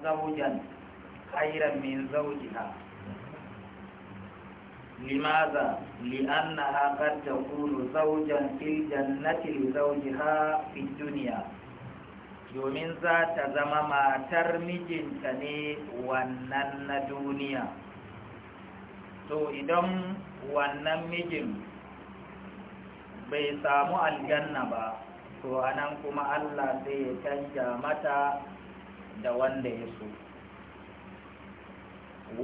زوجا خيرا من Limaza لماذا؟ لأنها قد zaujan زوجا في الجنة لزوجها في الدنيا domin za ta zama matar mijinta ne wannan na duniya to idan wannan mijin bai samu aljanna ba to anan kuma Allah zai canja mata da wanda ya so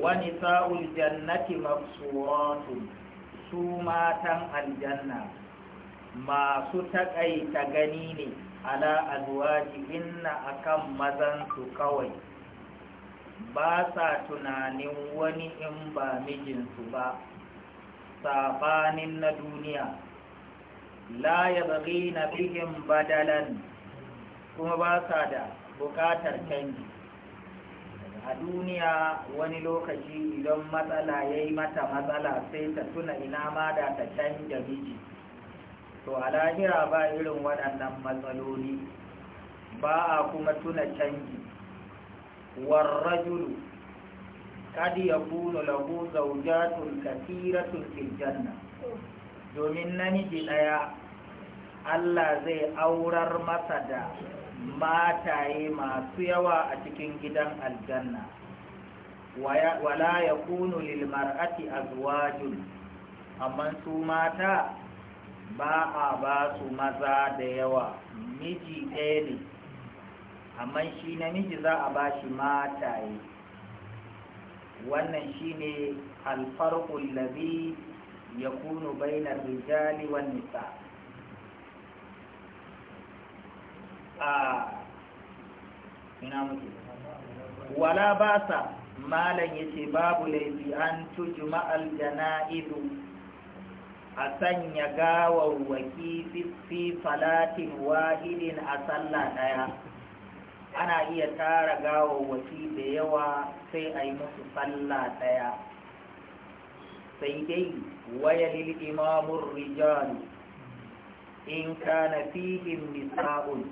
wani sa'ul jannati mafsuratun su matan aljanna masu taƙaita gani ne ala azwaji inna akan mazansu kawai ba sa tunanin wani in ba mijinsu ba sabanin na duniya la ya na badalan kuma ba sa da buƙatar canji a duniya wani lokaci idan matsala ya yi mata matsala sai ta tuna ina ma da ta canja miji to a lahira ba irin waɗannan matsaloli ba a kuma tuna canji warrajulu kad yakunu lahu zawjatun kathiratun fil janna domin namiji ɗaya Allah zai aurar masa da mataye masu yawa a cikin gidan aljanna wala ya kunu lilmar'ati azwajun amma su mata ba a ba su maza da yawa miji ɗaya ne amma shi namiji za a ba shi mataye wannan shi shine alfarqul ya kunu bainar rijali wan nisa' a ina muke wala ba sa malan yace babu laifi an tujuma al janaidu a sanya gawar waki fi falatin wahidin a sallah daya ana iya tara gawar waki da yawa sai a yi musu sallah daya sai dai waya lil imamun rijal in ka na fihim nisa'un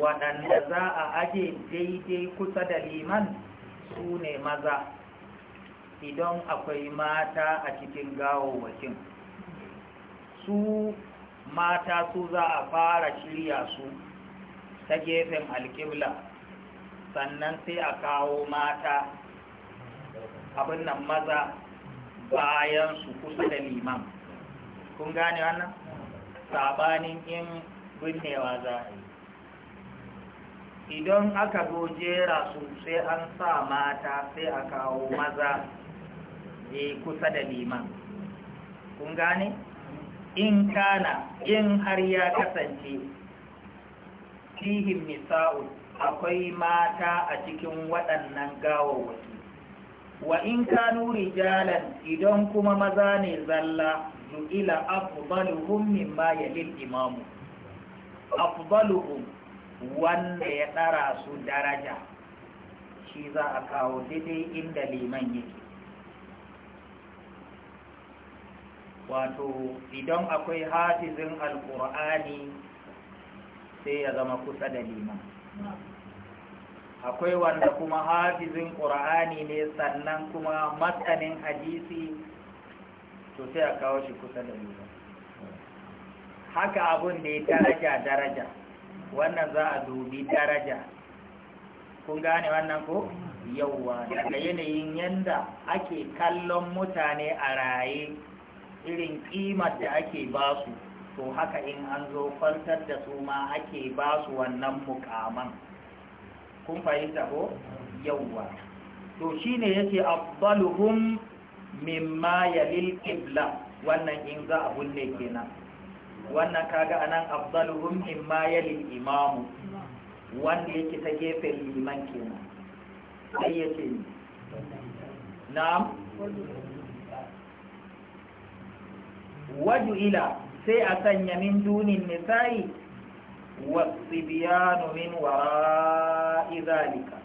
waɗanda za a aje daidai kusa da liman su ne maza idan akwai mata a cikin gawawwakin su mata su za a fara shirya su ta gefen alƙibla sannan sai a kawo mata abin maza bayan su kusa da liman kun gane wannan sabanin in binnewa za a yi idan aka zo sosai sai an sa mata sai a kawo maza e kusa da liman kun gane in kana in har ya kasance fihim nisa'u akwai mata a cikin waɗannan gawawwaki wa in kanu rijalan idan kuma maza ne zalla ju'ila afdaluhum ma yalil imamu afdaluhum wanda ya tsara su daraja shi za a kawo daidai inda liman yake wato idan akwai hafizin alkur'ani sai ya zama kusa da liman akwai wanda kuma hafizin ƙur'ani ne sannan kuma matsanin hadisi to sai a kawo shi kusa da liman haka abun da ya daraja daraja wannan za a dubi daraja kun gane wannan ko yauwa daga yanayin yanda ake kallon mutane a raye irin kimar da ake basu to haka in an zo kwantar da su ma ake basu wannan mukaman kun fahimta ko yauwa to shine yake afdaluhum mimma yalil qibla wannan in za a bunne kenan wannan kaga anan afdaluhum imma yali imam wanda yake ta gefen liman kenan sai yace na'am waju ila sai a sanya min dunin nisa'i sibiyanu min wara'i zalika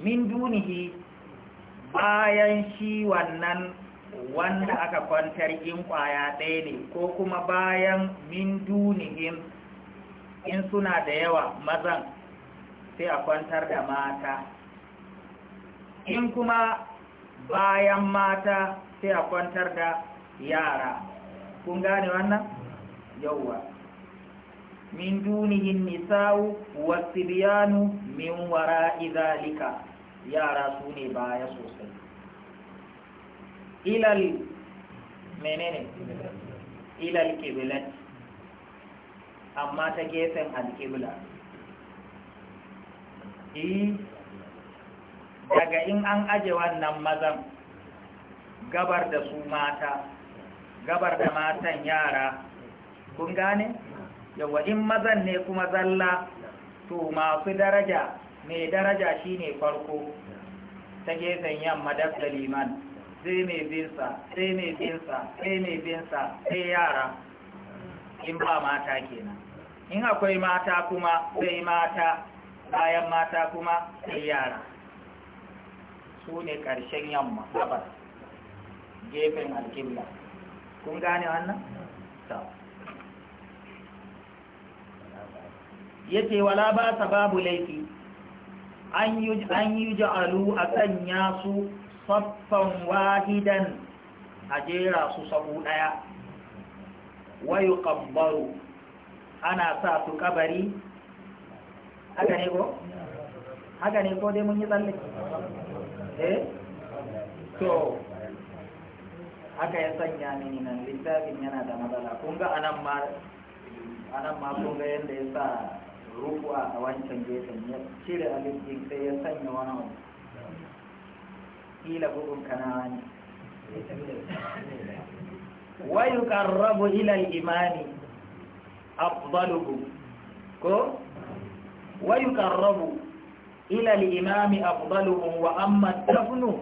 min dunihi bayan shi wannan wanda aka kwantar in kwaya ɗaya ne ko kuma bayan min dunihim in suna da yawa mazan sai a kwantar da mata in kuma bayan mata sai a kwantar da yara kun gane wannan yauwa min dunihin nisa'u wasibiyanu min wara'i zalika yara su ne baya sosai ilal menene ilal kibilat amma ta gefen alkibla daga in an aje wannan mazan gabar da su mata gabar da matan yara kun gane yawa in mazan ne kuma zalla to masu daraja mai daraja shine farko ta gefen yamma da liman sai mai binsa sai mai binsa sai mai binsa sai yara in ba mata kenan in akwai mata kuma sai mata bayan mata kuma sai yara su ne ƙarshen yamma gabas gefen alkimla kun gane wannan? yake wala ba sababu babu laifi an yi ja'alu a sanya su saffan wahidan a jera su sabu ɗaya wayu ƙabbaru ana sa su ƙabari haka ne ko? haka ne ko dai mun yi tsalle eh to haka ya sanya mini nan littafin yana da matsala kun ga anan ma anan kun ga yadda ya sa ruku a wancan gefen ya cire a alifin sai ya sanya wani kila bugun kanani wa yuqarrabu ila al imani afdaluhu ko yuqarrabu ila al imami afdaluhu wa amma tafnu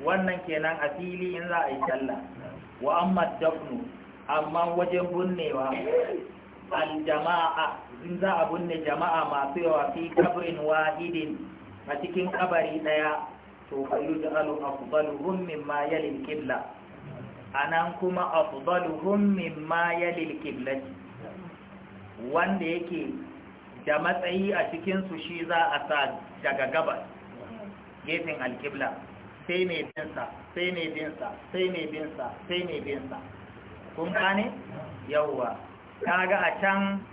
wannan kenan asili in za a yi sallah wa amma tafnu amma wajen bunnewa al-jama'a, in za a bunne jama'a masu yawa fi kabrin wahidin a cikin kabari daya to fa yuj'alu afdaluhum mimma yali al-qibla anan kuma afdaluhum mimma yali al-qibla wanda yake da matsayi a cikin su shi za a sa daga gabas gefen al-qibla sai mai binsa sai mai binsa sai mai binsa sai mai binsa kun gane yawwa kaga a can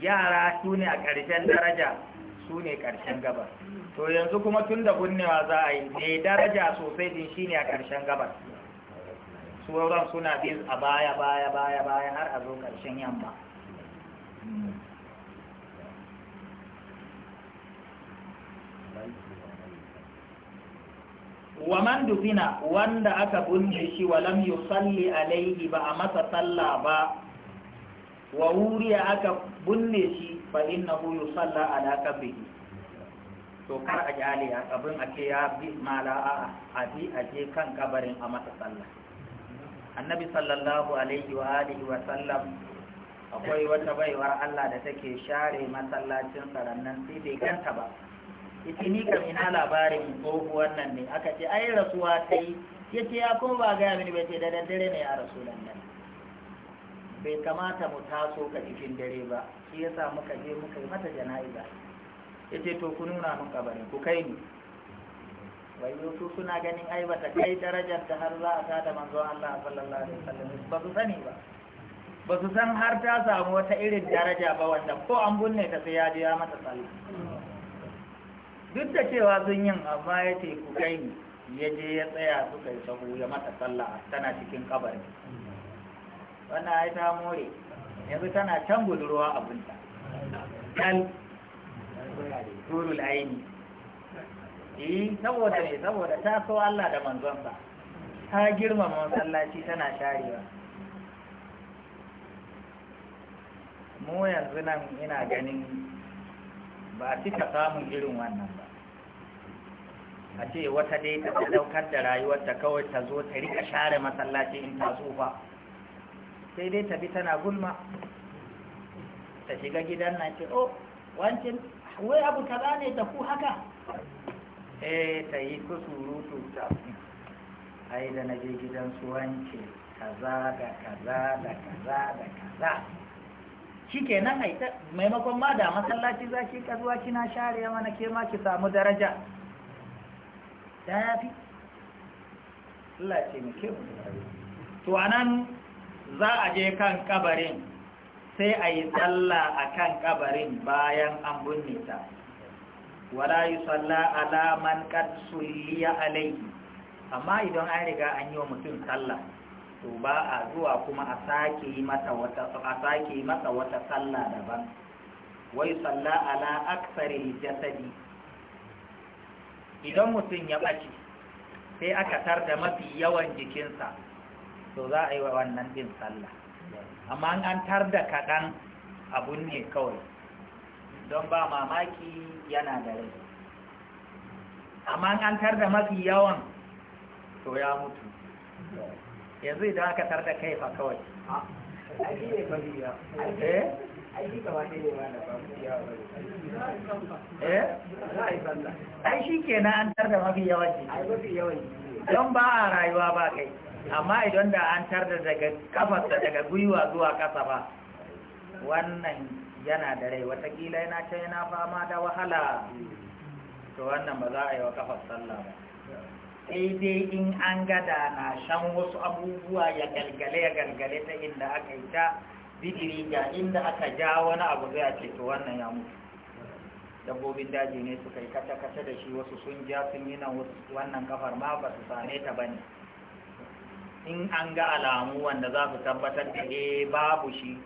yara su ne a ƙarshen daraja su ne ƙarshen gabar to yanzu kuma tun da kunnewa za a yi mai daraja sosai din shi ne a ƙarshen gabar sauran suna bin a baya baya baya baya har a zo ƙarshen yamma wa man dufina wanda aka bunne shi wa lam yusalli alaihi ba a masa sallah ba wa wuri ya aka bunne shi fa hu yusalla ala qabrihi to kar a jali a kabrin ake ya bi mala a bi a kan kabarin a masa sallah annabi sallallahu alaihi wa alihi wa sallam akwai wata baiwar Allah da take share masallacin sarannan sai bai ganta ba ita ni kam ina labarin tsohuwar wannan ne aka ce ai rasuwa sai yace ya kuma ba gaya mini bai ce da daddare ne ya rasu bai kamata mu taso ka cikin dare ba shi yasa muka je muka yi mata jana'iza yace to ku nuna mun kabarin ku kai ni wayo su suna ganin ai bata kai darajar da har za a da manzo Allah sallallahu alaihi wasallam ba su sani ba ba su san har ta samu wata irin daraja ba wanda ko an bunne ta sai ya je ya mata sallah duk da cewa sun yin amma yace ku kai ni ya je ya tsaya suka yi sahu ya mata sallah tana cikin kabarin wanda ya ta more yanzu tana can budurwa abinta kan turul aini yi eh, saboda ne saboda ta so Allah da manzonsa ta girmama masallaci tana sharewa mu yanzu nan ina ganin ba a cika samun irin wannan ba a ce wata dai ta daukar da rayuwarta kawai ta zo ta rika share masallaci in ta tsufa sai dai tafi tana gulma ta shiga gidan nan ce oh wancin wai abu kaza ne da ku haka eh ta yi kusurutu ta ai da na je gidan su wanke kaza da kaza da kaza da kaza ke nan ta maimakon ma da masallaci za ki kazuwa kina share na ke ma ki samu daraja ta yafi Allah ce mu ke mu to anan za a je kan kabarin sai a yi tsalla a kan kabarin bayan an bunne ta wala yi tsalla alaman katsuliya alaihi amma idan an riga an yi wa mutum tsalla to ba a zuwa kuma a sake yi masa wata tsalla daban wai tsalla ala aksari jasadi idan mutum ya ɓace sai aka tar da mafi yawan jikinsa to za a yi wa wannan bin sallah amma an tar da kaɗan abun ne kawai don ba mamaki yana da rai amma an tar da mafi yawan to ya mutu yanzu idan aka tar da kaifa kawai eh? Eh? ai shi na an tar da mafi yawanci don ba a rayuwa ba kai amma idan da an tarda daga kafarsa daga gwiwa zuwa kasa ba wannan yana da rai watakila yana ce yana fama da wahala to wannan ba za a yi wa kafar sallah ba sai dai in an gada na shan wasu abubuwa ya galgale ya galgale ta inda aka yi ta bidiri ga inda aka ja wani abu zai ce to wannan ya mutu dabbobin daji ne suka yi kata-kata da shi wasu sun ja sun yi wannan kafar ma ba su same ta ba ne in an ga alamu wanda za su tabbatar da e babu shi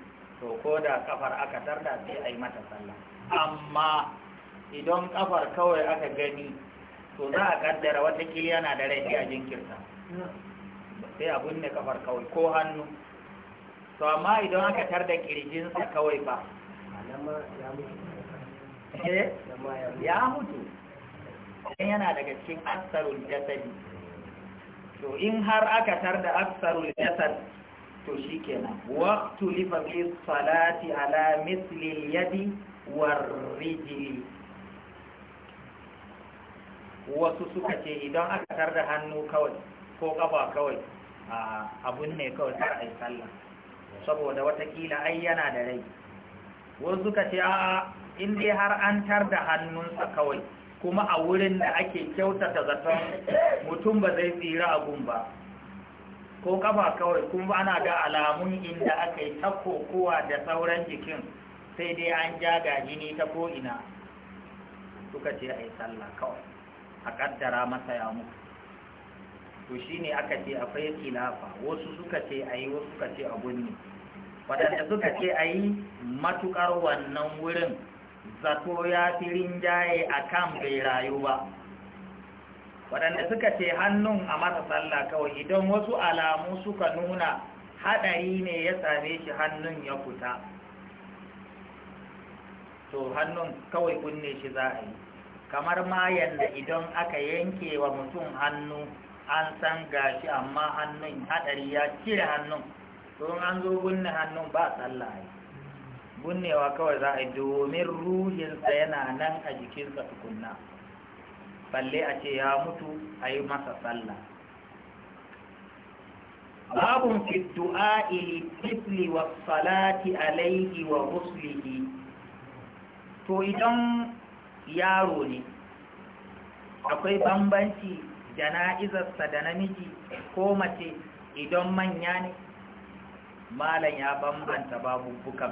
to ko da kafar aka tarda sai a yi mata sallah amma idan kafar kawai aka gani to za a kaddara watakila yana da rai a jinkirta sai a binne kafar kawai ko hannu to amma idan aka tarda kirjinsa kawai ba Eh, ya mutu ɗan yana daga cikin aksarul jasadi to in har aka tarda aksarul jasad to shi waqtu waktu lifafi salati ala mislil yadi warrijili wasu suka ce idan aka da hannu kawai ko kafa kawai abun ne kawai a yi sallah saboda watakila ai yana da rai wasu suka ce a'a in dai har an tar da hannunsa kawai kuma a wurin da ake kyautata zaton mutum ba zai tsira a ba ko kafa kawai kuma ana ga alamun inda aka yi ta da sauran jikin sai dai an ja gajini ta ko'ina suka ce a yi sallah kawai a kaddara masa ya mutu to shi ne aka ce akwai kilafa wasu suka ce a yi wasu suka ce a gunni waɗanda suka ce a yi matuƙar wannan wurin zato ya fi rinjaye a kan bai rayu ba waɗanda suka ce hannun a masa sallah kawai idan wasu alamu suka nuna haɗari ne ya same shi hannun ya fita to hannun kawai kunne shi za a yi kamar ma yadda idan aka yanke wa mutum hannu an san gashi amma hannun haɗari ya cire hannun don an zo gunne hannun ba sallah yi bunnewa kawai za a yi domin ruhinsa yana nan a jikinsa tukunna balle a ce ya mutu a yi masa sallah babun fiddu'a Ili, wa salati alaihi wa ruslihi to idan yaro ne akwai bambanci jana'izarsa da namiji ko mace idan manya ne malam ya bambanta babu bukan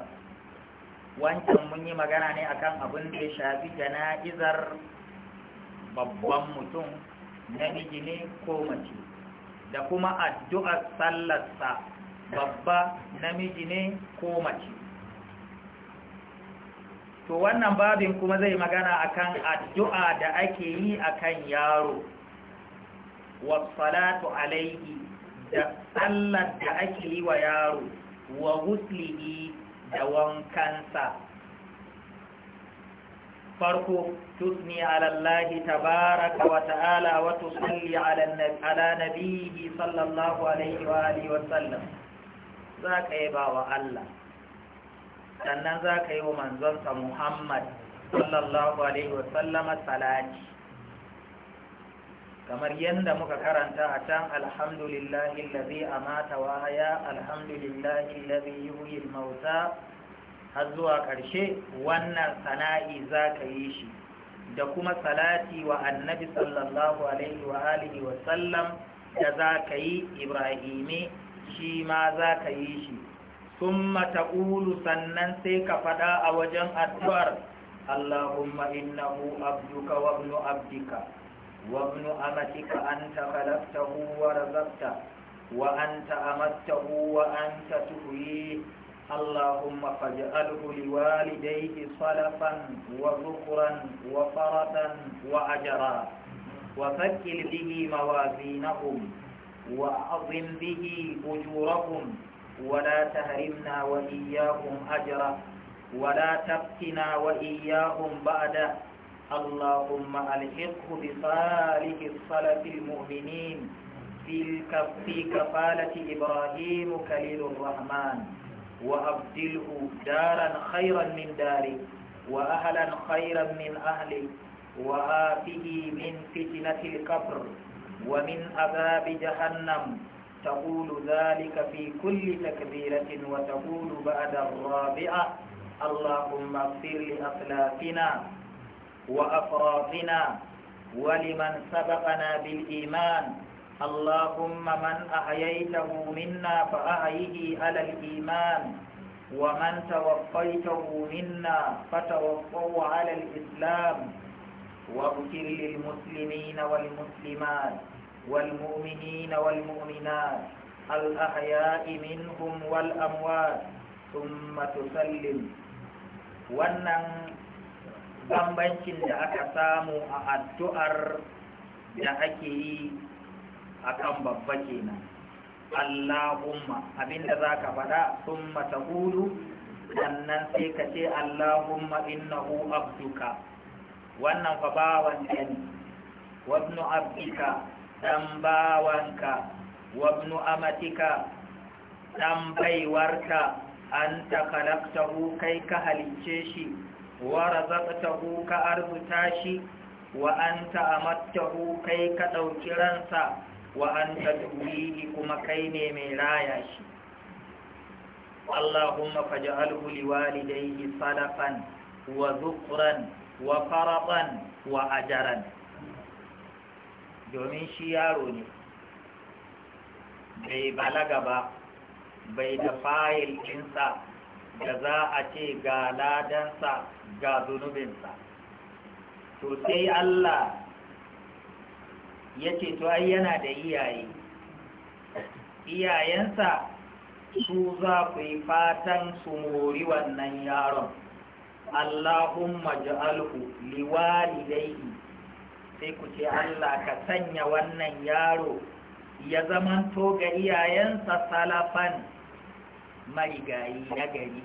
wancan mun yi magana ne akan abin da ya shafi jana'izar babban mutum namiji ne ko mace da kuma addu'ar sallarsa babba namiji ne ko mace to wannan babin kuma zai magana akan addu'a da ake yi akan yaro wa salatu alaihi da sallar da ake yi wa yaro wa huslihi da wankansa farko tusni alallahi tabaraka wa ta'ala wa tusalli ala nabihi sallallahu alaihi wa alihi wa sallam za ka yi ba wa Allah sannan za ka yi wa manzonsa Muhammad sallallahu alaihi wa sallama salati kamar yadda muka karanta a can alhamdulillahi lazi a mata wahaya alhamdulillahi lazi yuyi mauta har zuwa ƙarshe wannan sana'i za ka yi shi da kuma salati wa annabi sallallahu alaihi wa alihi wa da za ka yi ibrahimi shi ma za ka yi shi sun mata'ulu sannan sai ka faɗa a wajen addu'ar allahumma innahu abduka wa abduka وابن أمتك أنت خلقته ورزقته وأنت أمته وأنت تحييه اللهم فاجعله لوالديه صلفا وذكرا وفرثا وأجرا وثقل به موازينهم وأعظم به أجورهم ولا تهرمنا وإياهم أجرا ولا تفتنا وإياهم بعده اللهم ألحقه بصالح الصلاة المؤمنين في كفالة إبراهيم كليل الرحمن وأبدله دارا خيرا من داره وأهلا خيرا من أهله وآفه من فتنة الكفر ومن عذاب جهنم تقول ذلك في كل تكبيرة وتقول بعد الرابعة اللهم اغفر لأخلافنا وأفراطنا ولمن سبقنا بالإيمان اللهم من أحييته منا فأحيه على الإيمان ومن توفيته منا فتوفوا على الإسلام واغفر للمسلمين والمسلمات والمؤمنين والمؤمنات الأحياء منهم والأموات ثم تسلم ونن bambancin da aka samu a addu'ar da ake yi a kan babba kenan Allahumma abinda za ka faɗa sun mata hudu sannan sai ka ce Allahumma innahu abduka wannan fa bawan ne wabnu abdika ɗan bawanka wabnu amatika ɗan baiwarka an ta kai ka halicce shi wa razaqtahu ka arzuta shi wa anta amattahu kai ka dauki ransa wa anta tuwihi kuma kai ne mai raya shi Allahumma faj'alhu liwalidayhi sadaqan wa dhukran wa faraban wa ajaran domin shi yaro ne bai balaga ba bai da fayil ɗinsa da za a ce ga ladansa ga zunubinsa to sai Allah ya ce to ai yana da iyaye iyayensa su za ku yi fatan su mori wannan yaron Allahumma ja'alhu liwalidayhi sai ku ce Allah ka sanya wannan yaro ya zamanto ga iyayensa salafan marigayi na gari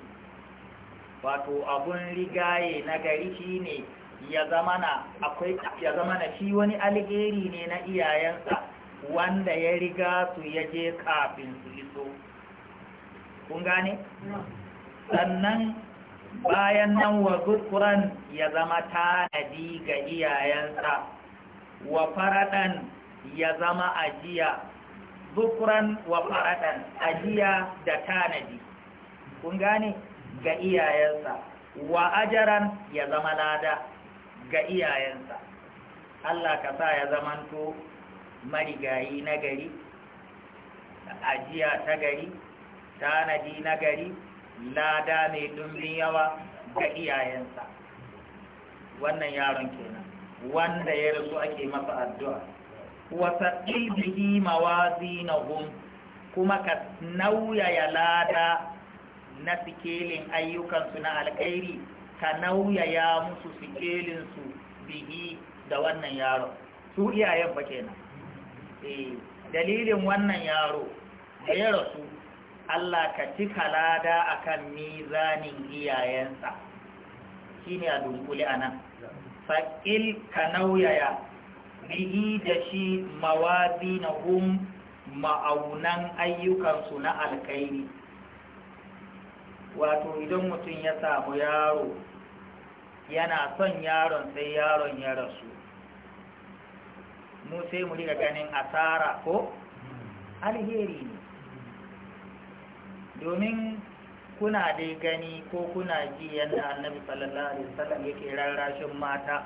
wato abun rigaye na gari shine ya na akwai ya na shi wani alheri ne na iyayensa wanda ya riga su ya je kafin su iso kun gane sannan bayan nan wa zurkuran ya zama tanadi ga iyayensa wa faraɗan ya zama ajiya zukuran wa faradan ajiya da tanadi kun gane ga iyayensa wa ajaran ya zama lada ga iyayensa Allah ka sa ya zamanto marigayi na gari ajiya ta gari tanadi na gari lada mai dumbin yawa ga iyayensa wannan yaron kenan wanda ya rasu ake masa addu'a wasa ilbihi mawazinahum kuma ka nauyaya lada na sikelin ayyukansu na alkhairi ka nauyaya musu sikelinsu bihi da wannan yaro su iyayen ba kenan eh, dalilin wannan yaro da ya rasu Allah ka cika lada akan mizanin iyayensa ne a dunkule nan fa'il ka nauyaya bihi da shi na mawazi mawazinahum ma'aunan ayyukansu na alkairi wato idan mutum ya samu yaro yana son yaron sai yaron ya rasu mu sai mu riga ganin asara ko alheri ne domin kuna dai gani ko kuna ji yadda annabi sallallahu alaihi wasallam yake rarrashin mata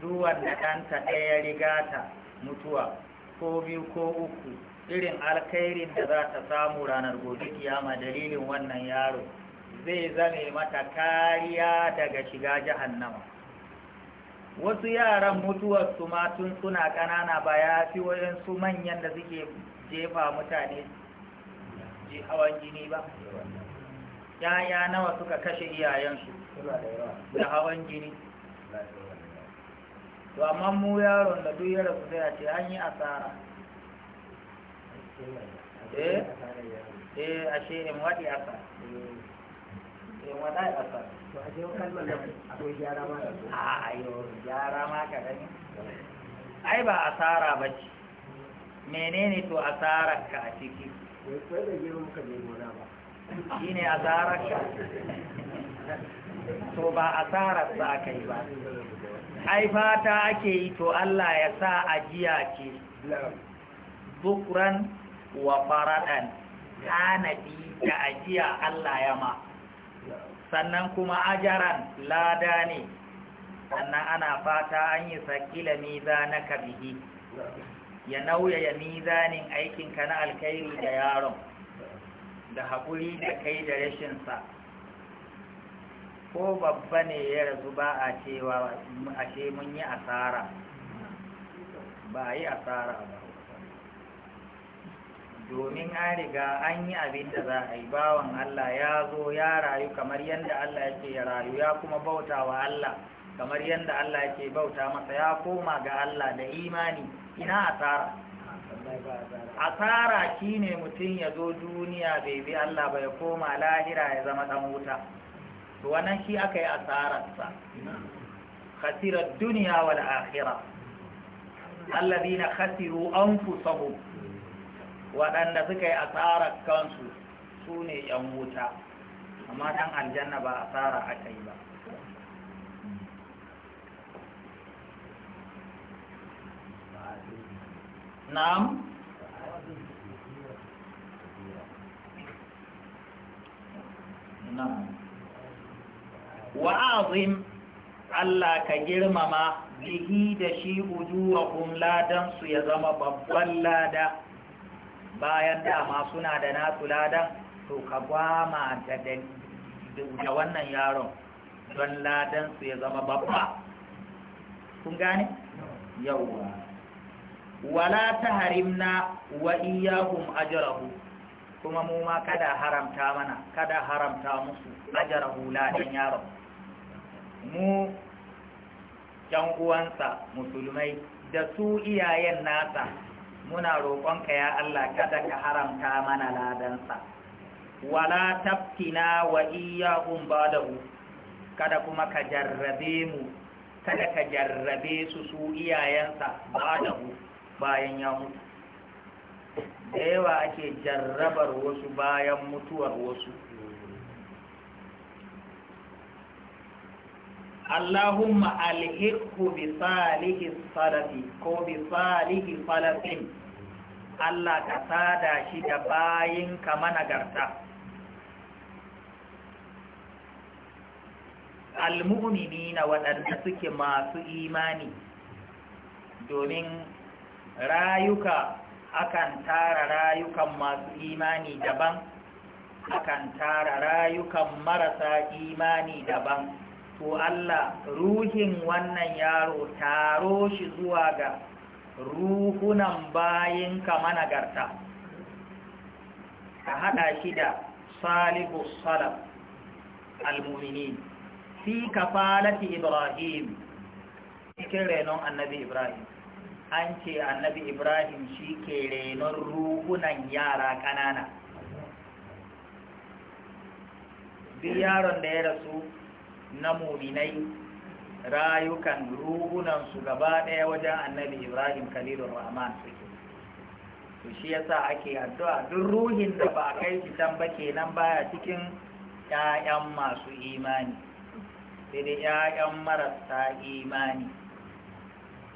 duwan da ɗanta ɗaya rigata mutuwa ko biyu ko uku irin alkhairin da za ta samu ranar gobe kiyama dalilin wannan yaro zai zame mata kariya daga shiga jahannama wasu yaran mutuwar su tun suna ƙanana ba ya fi su manyan da suke jefa mutane ji hawan jini ba yaya nawa suka kashe iyayensu da hawan jini to amma mu yaron da duk yara rabu sai a ce an yi asara eh eh ashe in waɗi asara in eh, waɗa asara to a je kalmar da akwai gyara ma da a ayo gyara ma ka gani ai ba asara ba ce menene to asarar ka a ciki wai da gero muka je gona ba shi ne asarar ka to ba asarar sa aka yi ba ai fata ake yi to Allah ya sa ajiya ce bukran wa faradan tanadi da ajiya Allah ya ma sannan kuma ajaran lada ne sannan ana fata an yi sakila na bihi ya nauyaya mizanin aikinka na alkhairi da yaron da haƙuri da kai da rashinsa ko babba ne ya rasu ba a cewa ashe mun yi asara ba a yi asara ba domin an riga an yi abin da za a yi bawan Allah ya zo ya rayu kamar yadda Allah ya ce ya rayu ya kuma bauta wa Allah kamar yadda Allah ya ce bauta masa ya koma ga Allah da imani ina asara asara shine mutum ya zo duniya bai bi Allah ba ya koma lahira ya zama dan wuta to wannan shi aka yi asararsa khasirar duniya wal akhirah na khasiru anfusahum waɗanda suka yi asarar kansu su ne ‘yan wuta amma ɗan aljanna ba asara aka yi ba na'am na'am azim Allah ka girmama bihi da shi ujurahum ladan su ya zama babban lada bayan dama suna da nasu ladan to ka gwama da da wannan yaron don ladan su ya zama babba kun gane yawwa wala taharimna wa iyyahum ajrahu kuma mu ma kada haramta mana kada haramta musu ajrahu ladan yaron mu ‘yan uwansa musulmai da su iyayen nasa muna roƙonka ya Allah kada ka haramta mana ladansa wala taftina wa iyyahum ba'dahu kada kuma ka jarrabe mu kada ka jarrabe su su iyayensa ba'dahu bayan ya mutu da yawa ake jarrabar wasu bayan mutuwar wasu Allahumma alhiqhu bi salihi salafi ko bi salihi salafin Allah ka sada shi da bayin ka managarta na waɗanda suke masu imani domin rayuka akan tara rayukan masu imani daban akan tara rayukan marasa imani daban to Allah ruhin wannan yaro taro shi zuwa ga ruhunan mana garta. ka haɗa shi da salihu Salam al-mumini fi kafalati ibrahim cikin renon annabi ibrahim an ce annabi ibrahim shi ke renon ruhunan yara ƙanana duk yaron da ya rasu na muminai rayukan ruhunan su gaba ɗaya wajen annabi ibrahim khalilur rahman suke to shi yasa ake addu'a duk ruhin da ba kai shi can ba kenan baya cikin ƴaƴan masu imani sai dai ƴaƴan marasa imani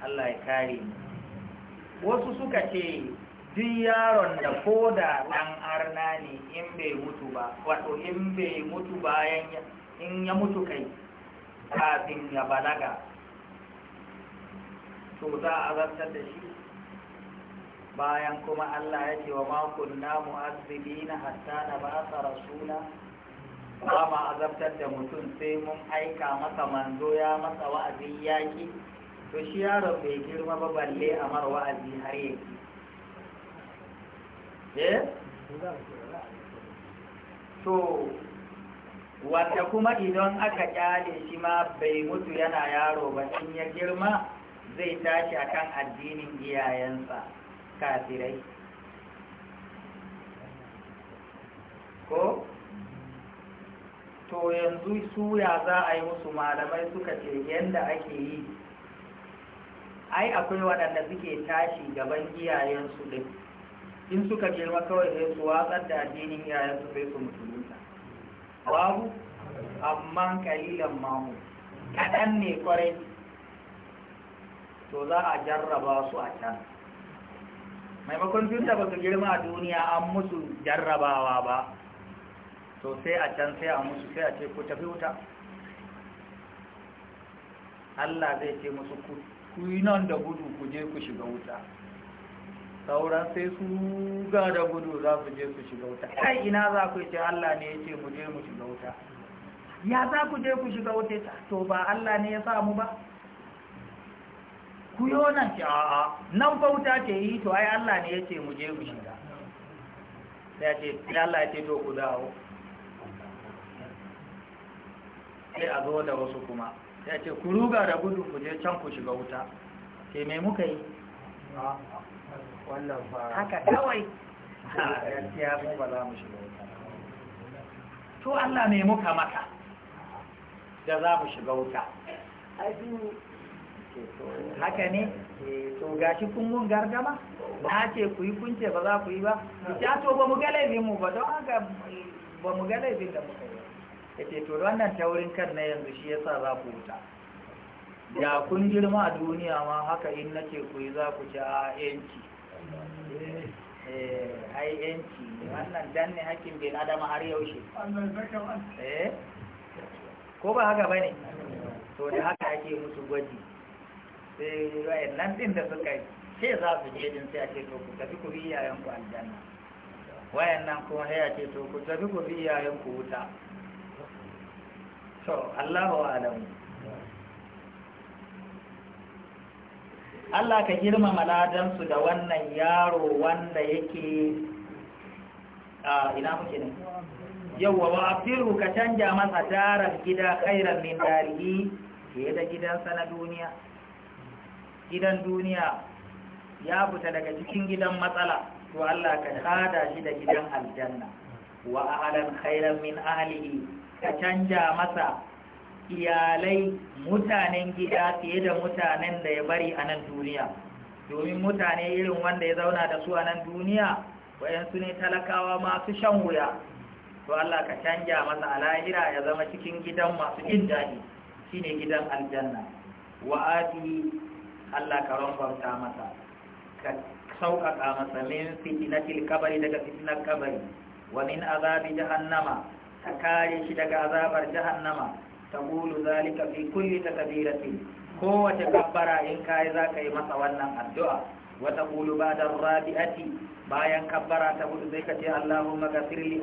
Allah ya kare mu wasu suka ce duk yaron da ko da ɗan arna ne in bai mutu ba wato in bai mutu bayan in ya mutu kai kafin ya balaga to za a zartar da shi bayan kuma Allah ya ce wa makon namu azubina hatta na ba sa rasula ba ma azabtar da mutum sai mun aika masa manzo ya masa wa'azi yaƙi to shi yaron bai girma ba balle a mara wa'azi har yake eh to wata kuma idan aka kyale shi ma bai mutu yana yaro ba in ya girma zai tashi akan addinin iyayensa kafirai ko to yanzu suya za a yi musu malamai suka ce yadda ake yi ai akwai waɗanda suke tashi gaban iyayensu din in suka girma kawai sai su watsar da addinin iyayensu sai su musulunta babu amma kalilan mamu kaɗan ne kwarai to za a jarraba su a can maimakon tun ba su girma a duniya an musu jarrabawa ba to sai a can sai a musu sai a ce ku tafi wuta Allah zai ce musu ku yi nan da gudu ku je ku shiga wuta saura sai su ga da gudu za su je su shiga wuta ai ina za ku ce Allah ne ya ce mu je mu shiga wuta ya za ku je ku shiga wuta to ba Allah ne ya sa mu ba ku yi wannan ce a'a nan fa wuta yi to ai Allah ne ya ce mu je mu shiga sai ce sai Allah ya ce to ku dawo sai a zo da wasu kuma sai ce ku ruga da gudu ku je can ku shiga wuta ke me muka yi haka kawai to Allah ne muka maka da za mu shiga wuta haka ne to gashi kun mun gargama na ce ku yi kunce ba za ku yi ba ita to ba mu gale laifinmu ba don haka ba mu gale zin da muka yi Ita to wannan taurin kan na yanzu shi yasa za ku wuta da kun girma a duniya ma haka in nake ku yi za ku ci a ah, eh ai yanki wannan danne hakkin bil adama har yaushe eh? ko ba haka bane to da haka ake musu gwaji sai wayan nan din da suka ce za su je din sai a ce to ku tafi ku bi iyayen ku aljanna wayan nan kuma sai a ce to ku tafi ku bi iyayen ku wuta to Allahu a'lamu Allah ka girmama ladansu da wannan yaro wanda yake a ina muke ne yawwa wa afiru ka canja masa darar gida khairan min darihi fiye da gidansa na duniya gidan duniya ya fita daga cikin gidan matsala to Allah ka hada shi da gidan aljanna wa ahlan khairan min ahlihi ka canja masa iyalai mutanen gida fiye da mutanen da ya bari a nan duniya domin mutane irin wanda ya zauna da su a nan duniya wayansu ne talakawa masu shan wuya to Allah ka canja masa alahira ya zama cikin gidan masu jin daɗi shine gidan aljanna wa'adi Allah ka rambanta masa ka sauƙaƙa masa min fitnatil kabari daga fitinar kabari wa min azabi jahannama ka kare shi daga azabar jahannama taqulu zalika fi kulli takbiratin kowace kabbara in kai zaka yi masa wannan addu'a wa taqulu ba'da rabi'ati bayan kabbara ta hudu zai ka ce Allahumma ghafir li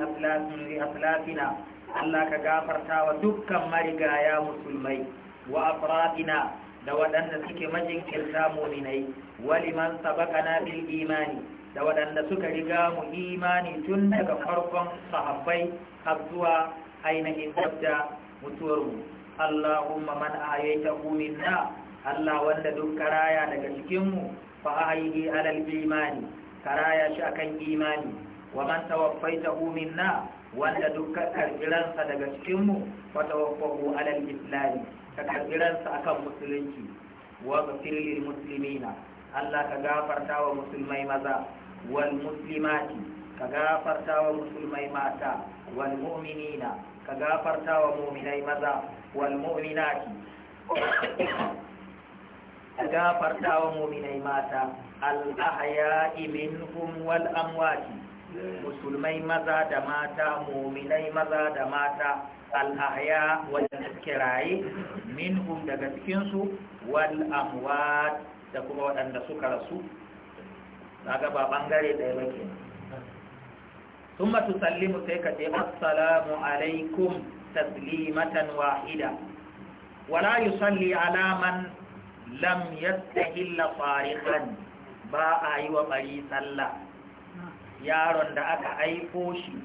aslafina Allah ka gafarta wa dukkan marigaya musulmai wa afradina da waɗanda suke majinkirta muminai waliman sabaqana bil imani da waɗanda suka riga mu imani tun daga farkon sahabbai har zuwa ainihin wadda Mutuwarmu Allahumma man ahyaytahu minna Allah wanda duk karaya daga cikin mu fa ahyihi alal imani karaya shi akan imani wa man tawaffaytahu minna wanda duk karbiransa daga cikin mu fa tawaffahu alal islam ka karbiransa akan musulunci wa ghafir lil muslimina Allah ka gafarta wa musulmai maza wal muslimati ka gafarta wa musulmai mata wal mu'minina ka gafarta wa mu'minai maza wal mu'minati ka gafarta wa mu'minai mata al ahya'i minhum wal musulmai maza da mata mu'minai maza da mata al ahya daga cikinsu wal amwat da kuma waɗanda suka rasu kaga ba bangare ɗaya ba ثم تسلم سيكة السلام عليكم تسليمة واحدة ولا يصلي على من لم يستهل صارخا باء وبري صلى yaron da aka aiko shi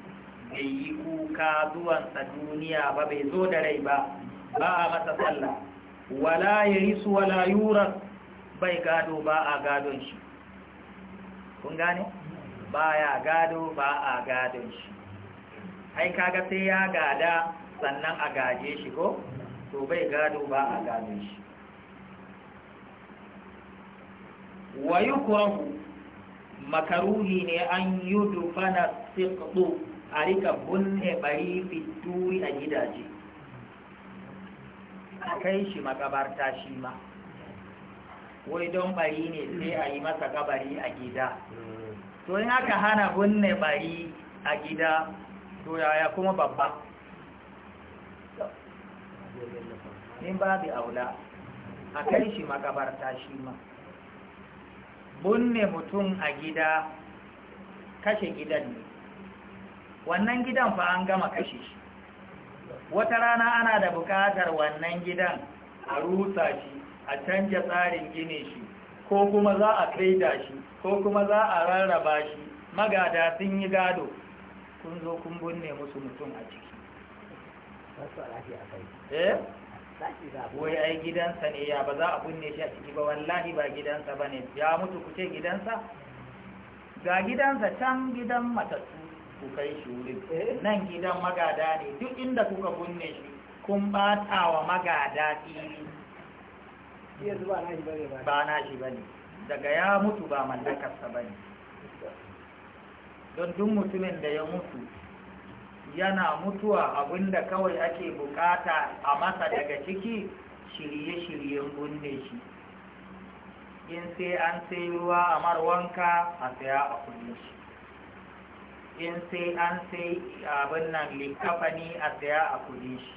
bai yi kuka zuwansa duniya ba bai zo da rai ba ba a masa sallah wala ya risu wala yuran bai gado ba a gadon shi kun gane? Ba ya gado ba a gadon shi ai kaga sai ya gada sannan a gaje shi ko to bai gado ba a gadon shi wa yukrahu makaruhi ne an yudfana siqdu a rika bunne bari fituri a gidaje akai shi makabarta shi ma wai don bari ne sai a yi masa kabari a gida to in aka hana bunne bari a gida to yaya kuma babba ba bi aula a kai shi makabarta shi ma bunne mutum a gida kashe gidan ne wannan gidan fa an gama kashe shi wata rana ana da bukatar wannan gidan a rusa shi a canja tsarin gine shi ko kuma za a kaida shi ko kuma za a rarraba shi magada sun yi gado kun zo kun binne musu mutum a ciki eh? wai ai gidansa ne ya ba za a binne shi a ciki ba wallahi ba gidansa ba ne ya mutu kuce gidansa ga gidansa can gidan matattu ku kai shi wurin eh? nan gidan magada ne duk inda kuka binne shi kun ɓata wa magada fili ba na shi ba ne daga ya mutu ba mallakarsa ba ne don duk mutumin da ya mutu yana mutuwa abinda kawai ake bukata a masa daga ciki shirye-shiryen gunde shi in sai an sai ruwa a marwanka a saya a kudin shi in sai an sai abin nan likafani a saya a kudin shi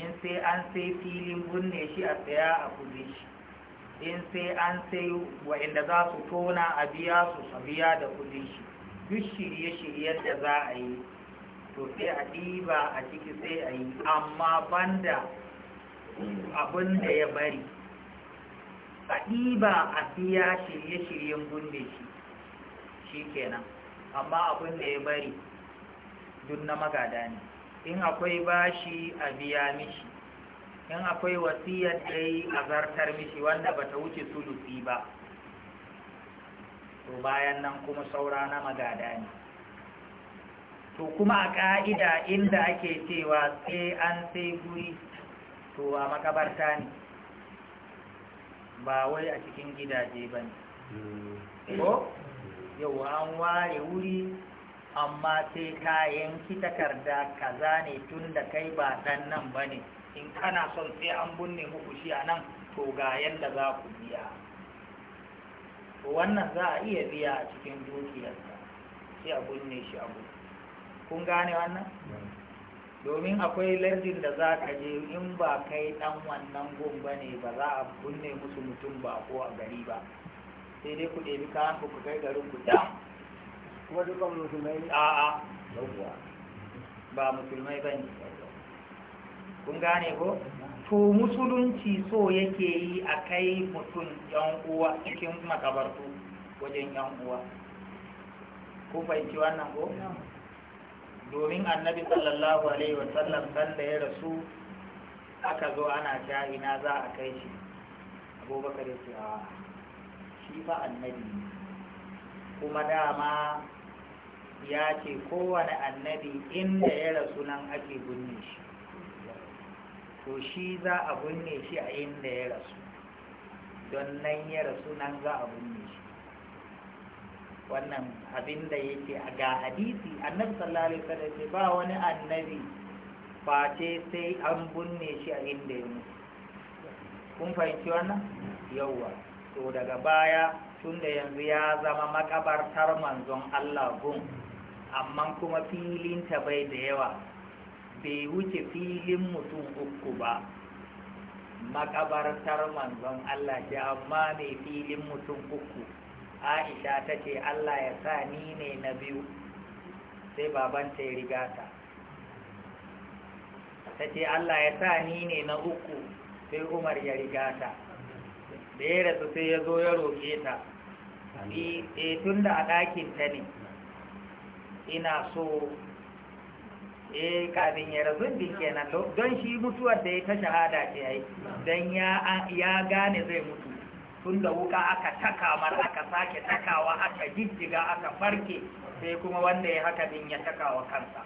in sai an sai filin gunne shi a tsaya a kuzi shi in sai an sai wa'inda za su tona a biya su a biya da kuzi shi duk shirye-shiryen da za a yi to sai a ɗiba a ciki sai a yi amma banda abin da ya bari a ɗiba a biya shirye-shiryen gunne shi shi kenan amma abin da ya bari duk na magada ne in akwai bashi a biya mishi in akwai wasiyar dai a zartar mishi wanda bata wuce sulusi ba to bayan nan kuma saura na magada ne to kuma a ƙa'ida inda ake cewa sai an sai guri to a makabarta ne ba wai a cikin gidaje ba ne hmm. ko yau an ware wuri amma sai ka yanki takarda kaza ne tun da kai ba ɗan nan ba ne in kana son sai an binne muku shi a nan to ga yadda za ku biya wannan za a iya biya a cikin dukiyarsa sai a binne shi a kun gane wannan domin akwai lardin da za ka je in ba kai ɗan wannan gun ba ne ba za a binne musu mutum ba ko a gari ba sai dai ku ɗebi kayan ku kai garin ku dam kuma dukkan musulmai a'a ba musulmai ba ne kun gane ko to musulunci so yake yi a kai mutum yan uwa cikin makabartu wajen yan uwa fahimci wannan ko domin annabi sallallahu alaihi wa sallam sanda ya rasu aka zo ana ta ina za a kai shi abubakar ya ce a ah, shi fa annabi kuma dama ya ce kowane annabi inda ya rasu nan ake binne shi to shi za a binne shi a inda ya rasu don nan ya rasu nan za a binne shi wannan abin da ya ce a ga hadisi annabi sallallahu alaihi wasallam ce ba wani annabi face sai an binne shi a inda ya mutu kun fahimci wannan yawwa to daga baya tun da yanzu ya zama makabartar manzon Allah gun amma kuma filinta bai da yawa bai wuce filin mutum uku ba makabartar manzon Allah ce amma mai filin mutum uku aisha ta ce Allah ya sa ni ne na biyu sai babanta ya riga ta ta ce Allah ya sa ni ne na uku sai umar ya riga ta da ya rasu sai ya zo ya roƙe ta eh, tun da a ta ne ina so e kafin ya rabin bi kenan don shi mutuwar da ya ta shahada ce ai don ya gane zai mutu tun da wuka aka taka mar aka sake takawa aka jijjiga aka farke sai kuma wanda ya haka bin ya takawa kansa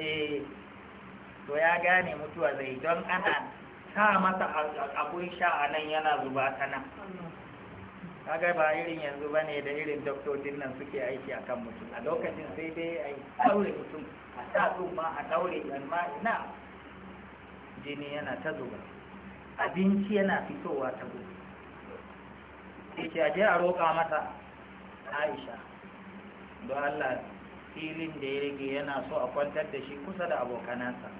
e to ya gane mutuwa zai don ana sa masa abun sha a nan yana zuba ta nan kaga ba irin yanzu ba ne da irin doktocin nan suke aiki akan mutum a lokacin sai dai a yi mutum a sa ma a daure ma ina jini yana ta zuba abinci yana fitowa ta gudu sai a je a roƙa mata aisha don allah filin da ya rage yana so a kwantar da shi kusa da abokanansa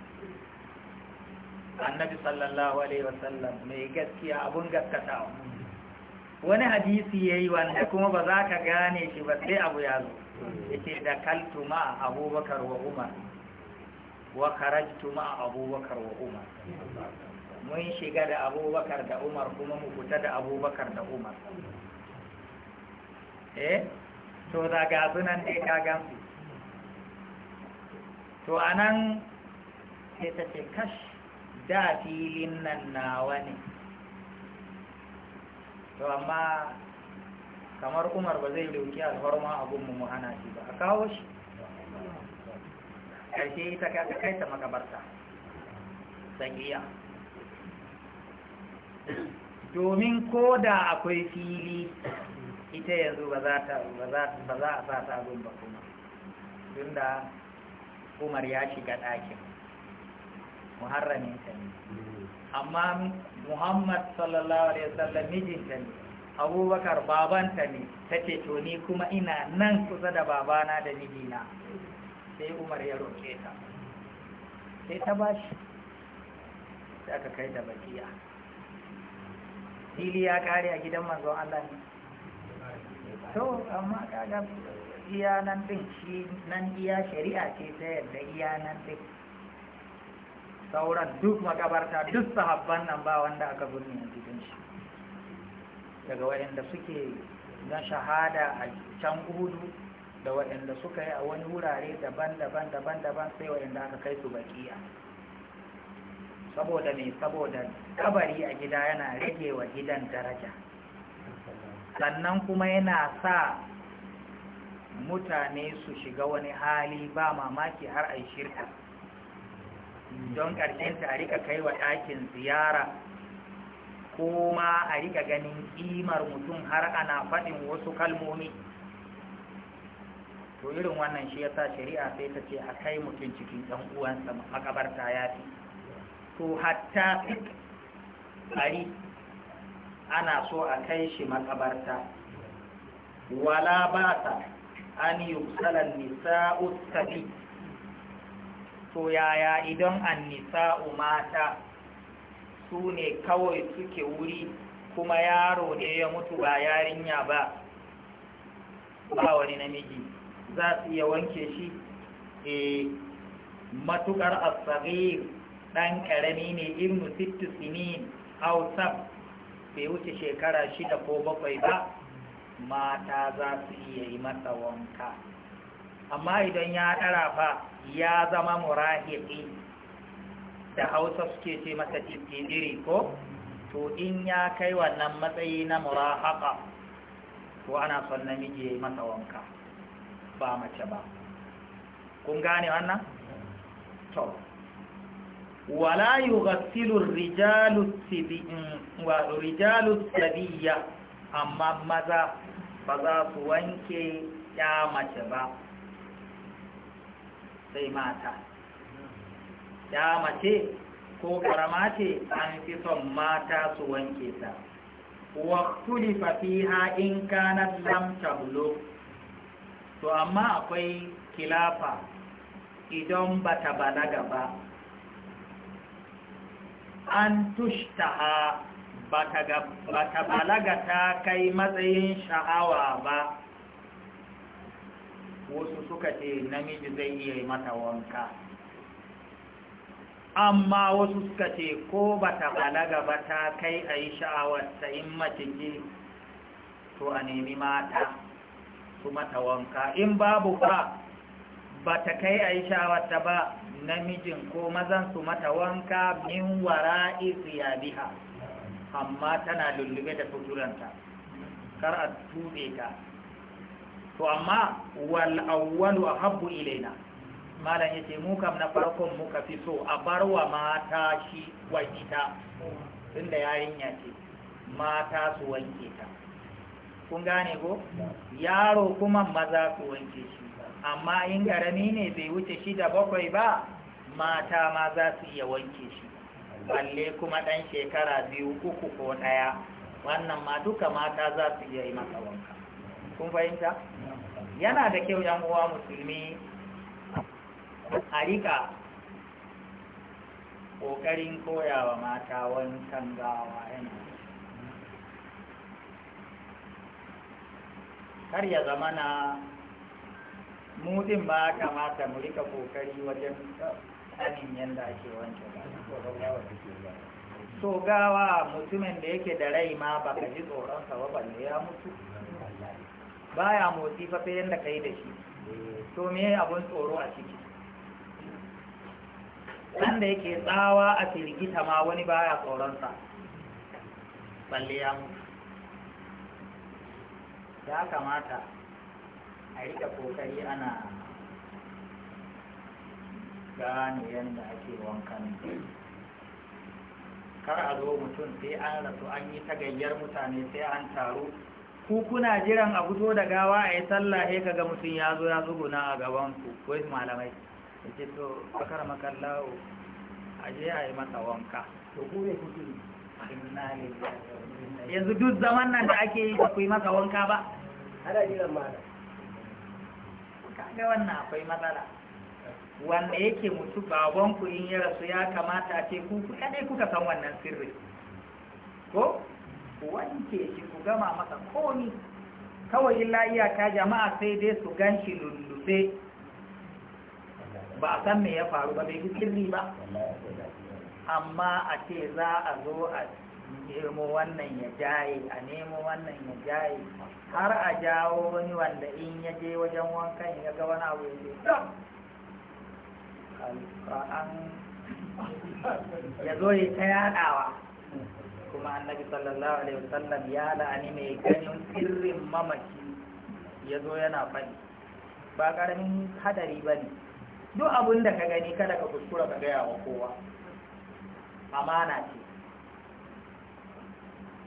annabi sallallahu alaihi wasallam mai gaskiya abun gaskatawa wani hadisi ya yi wanda kuma ba za ka gane shi ba sai abu ya zo yake da kaltu ma abubakar wa umar wa karajtu ma abubakar wa umar mun shiga da abubakar da umar kuma mu fita da abubakar da umar eh to ga sunan dai ka gamsu to anan sai ta ce kash da filin nan nawa ne to amma kamar umar ba zai dauki alfarma abun mu hana shi ba a kawo shi ƙarshe ita ka kai ta makabarta sakiya domin ko da akwai fili ita yanzu ba za a sata ta ba kuma tun da umar ya shiga ɗakin muharramin ta ne amma muhammad sallallahu alaihi wasallam mijinta ne abubakar babanta ne ta ce to ni kuma ina nan kusa da babana da mijina sai umar ya roƙe ta sai ta bashi sai aka kai da bakiya fili ya kare a gidan manzon Allah ne to amma kaga iya nan din shi nan iya shari'a ce ta yadda iya nan din sauran duk makabarta duk sahabban nan ba wanda aka birni a cikin shi daga waɗanda suke na shahada a can hudu da waɗanda suka yi a wani wurare daban-daban daban-daban sai waɗanda aka kai su bakiya saboda mai saboda kabari a gida yana rage wa gidan daraja sannan kuma yana sa mutane su shiga wani hali ba mamaki har a yi shirka don ƙarshen a rika kai wa ɗakin ziyara ko ma a rika ganin ƙimar mutum har ana faɗin wasu kalmomi to irin wannan shi yasa shari'a sai ta ce a kai mutum cikin ɗan uwansa makabarta ya fi to hatta ari ana so a kai shi makabarta wala ba ta an yi nisa'u sabi so yaya idan annisa'u umata su ne kawai suke wuri kuma yaro ne ya mutu ba yarinya ba ba wani namiji za su iya wanke shi e eh, matukar asagir ɗan ƙarami ne ibnu sittu sinin hausab bai wuce shekara shida ko bakwai ba mata za su iya yi masa wanka amma idan ya ɗara fa ya zama murahiki da hausa suke ce masa titiri ko to in ya kai wannan matsayi na murahaka to ana son namiji ya yi masa wanka ba mace ba kun gane wannan? to wala yi rijalu mm, wa rijalus sabiyya amma maza ba za su wanke ya mace ba sai mata ya mace ko karama ce an fi son mata su wanke ta waktulifa fiha in kanat lam tablu to amma akwai kilafa idan bata balaga ba an tushtaha bata balaga ta kai matsayin sha'awa ba wasu suka ce namiji zai iya yi mata wanka amma wasu suka ce ko ba ta balaga ba ta kai a yi sha'awarta in mace ce to a nemi mata su mata wanka in babu ba ba ta kai a yi sha'awarta ba namijin ko mazan su mata wanka min wara ya biha amma tana lullube da suturanta kar a tuɓe ta to amma wal awwalu ahabbu ilaina malam yace mu kam na farkon muka fi so a barwa mata shi wa ita tunda yarinya ce mata su wanke ta kun gane ko yaro kuma maza su wanke shi amma in garami ne bai wuce da bakwai ba mata ma za su iya wanke shi balle kuma ɗan shekara biyu uku ko ɗaya wannan ma duka mata za su iya yi masa wanka kun fahimta yana da kyau yan uwa musulmi a rika ƙoƙarin koyawa mata wani tangawa yana kar ya zama na mudin ba mata mu rika kokari wajen sanin yadda ake wanke so gawa mutumin da yake da rai ma baka ji tsoron ba ne ya mutu baya motsi fa sai yanda kai da shi to me abun tsoro a ciki wanda yake tsawa a firgita ma wani baya tsoron sa, balle ya mutu ya kamata a rika kokari ana gane yadda ake wankan kar a zo mutum sai an rasu an yi ta gayyar mutane sai an taru ku kuna jiran a fito da gawa a yi sallah sai kaga mutum ya zo ya tsuguna a gaban ku ko malamai yace to bakar makallawo a je a yi masa wanka to ku ne kuke yanzu duk zaman nan da ake yi akwai masa wanka ba ana jiran ma kaga wannan akwai matsala wanda yake mutu babanku in ya rasu ya kamata ce ku kadai kuka san wannan sirri wanke shi ku gama masa komi kawai illa jama'a sai dai su gan shi lullube ba a san me ya faru ba bai fi kirri ba amma a ce za a zo a nemo wannan ya jaye a nemo wannan ya jaye har a jawo wani wanda in ya je wajen wankan ya ga wani abu ya ce ya zo ya ta yadawa kuma annabi sallallahu alaihi wasallam ya la'ani mai ganin sirrin mamaki ya zo yana faɗi ba ƙaramin hadari ba ne duk abin da ka gani kada ka kuskura ka gaya wa kowa amana ce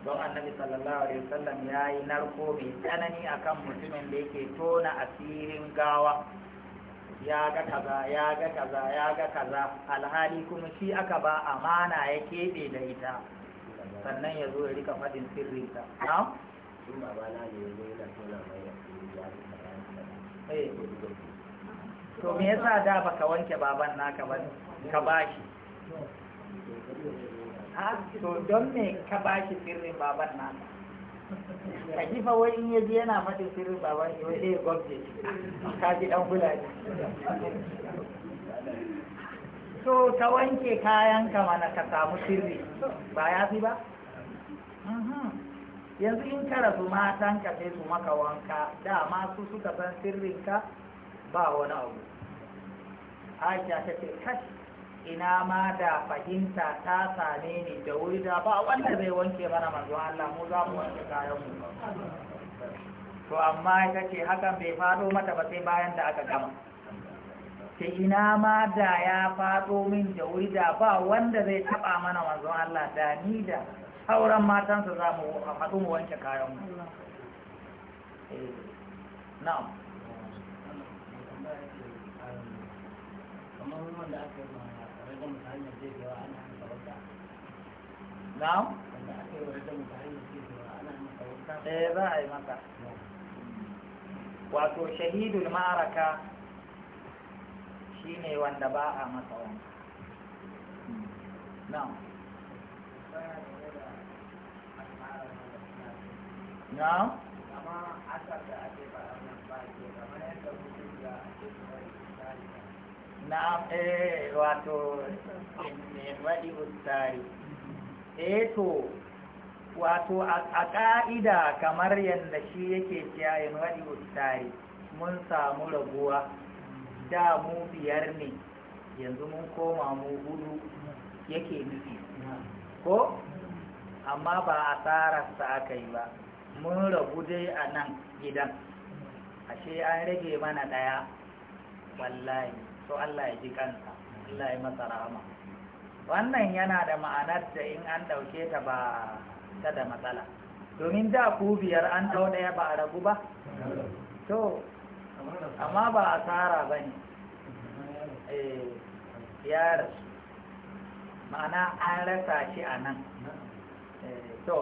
don annabi sallallahu alaihi wasallam ya yi narko mai tsanani akan mutumin da yake tona asirin gawa ya ga kaza ya ga kaza ya ga kaza alhali kuma shi aka ba amana ya keɓe da ita sannan ya zo ya rika faɗin ta na? in babana ne ya zo yana tona mai ya fi eh. to me yasa da ka wanke baban naka ba ka bashi ha to don me ka bashi sirrin baban naka ka ji fa wai in ya ji yana faɗin sirrin baban shi wai eh gwamnati ka ji dan fulani to ka wanke kayan mana ka samu sirri ba ya fi ba Mhm. yanzu in ka rasu matan ka sai su maka wanka dama su suka san sirrinka ba wani abu aisha ta ce kashi ina ma da fahimta ta same ni da wuri da ba wanda zai wanke mana manzo Allah mu za mu wanke kayan mu to amma ita ce hakan bai fado mata ba sai bayan da aka gama Ke ina ma da ya fado min da wuri da ba wanda zai taɓa mana manzo Allah da ni da sauran matansa za mu haɗu mu wanke kayan mu eh, na'am na'am ɗaya eh, za a yi maka wato shahidul ma'araka shine wanda ba a masa wani na'am na'am na'am eh wato ne wadi ustari eh to wato a ka'ida kamar yadda shi yake cewa yin wadi ustari mun samu raguwa da mu biyar ne yanzu mun koma mu hudu yake nufi ko amma ba a asararsa aka yi ba mun rabu dai a nan gidan ashe an rage mana ɗaya wallahi so Allah ya ji kansa Allah ya masa rahama wannan yana da ma'anar da in an ɗauke ta ba ta da matsala domin da ku biyar an dau ɗaya ba a rabu ba to amma ba a tsara ba ne eh, ya rasu ma'ana an rasa shi a nan eh, to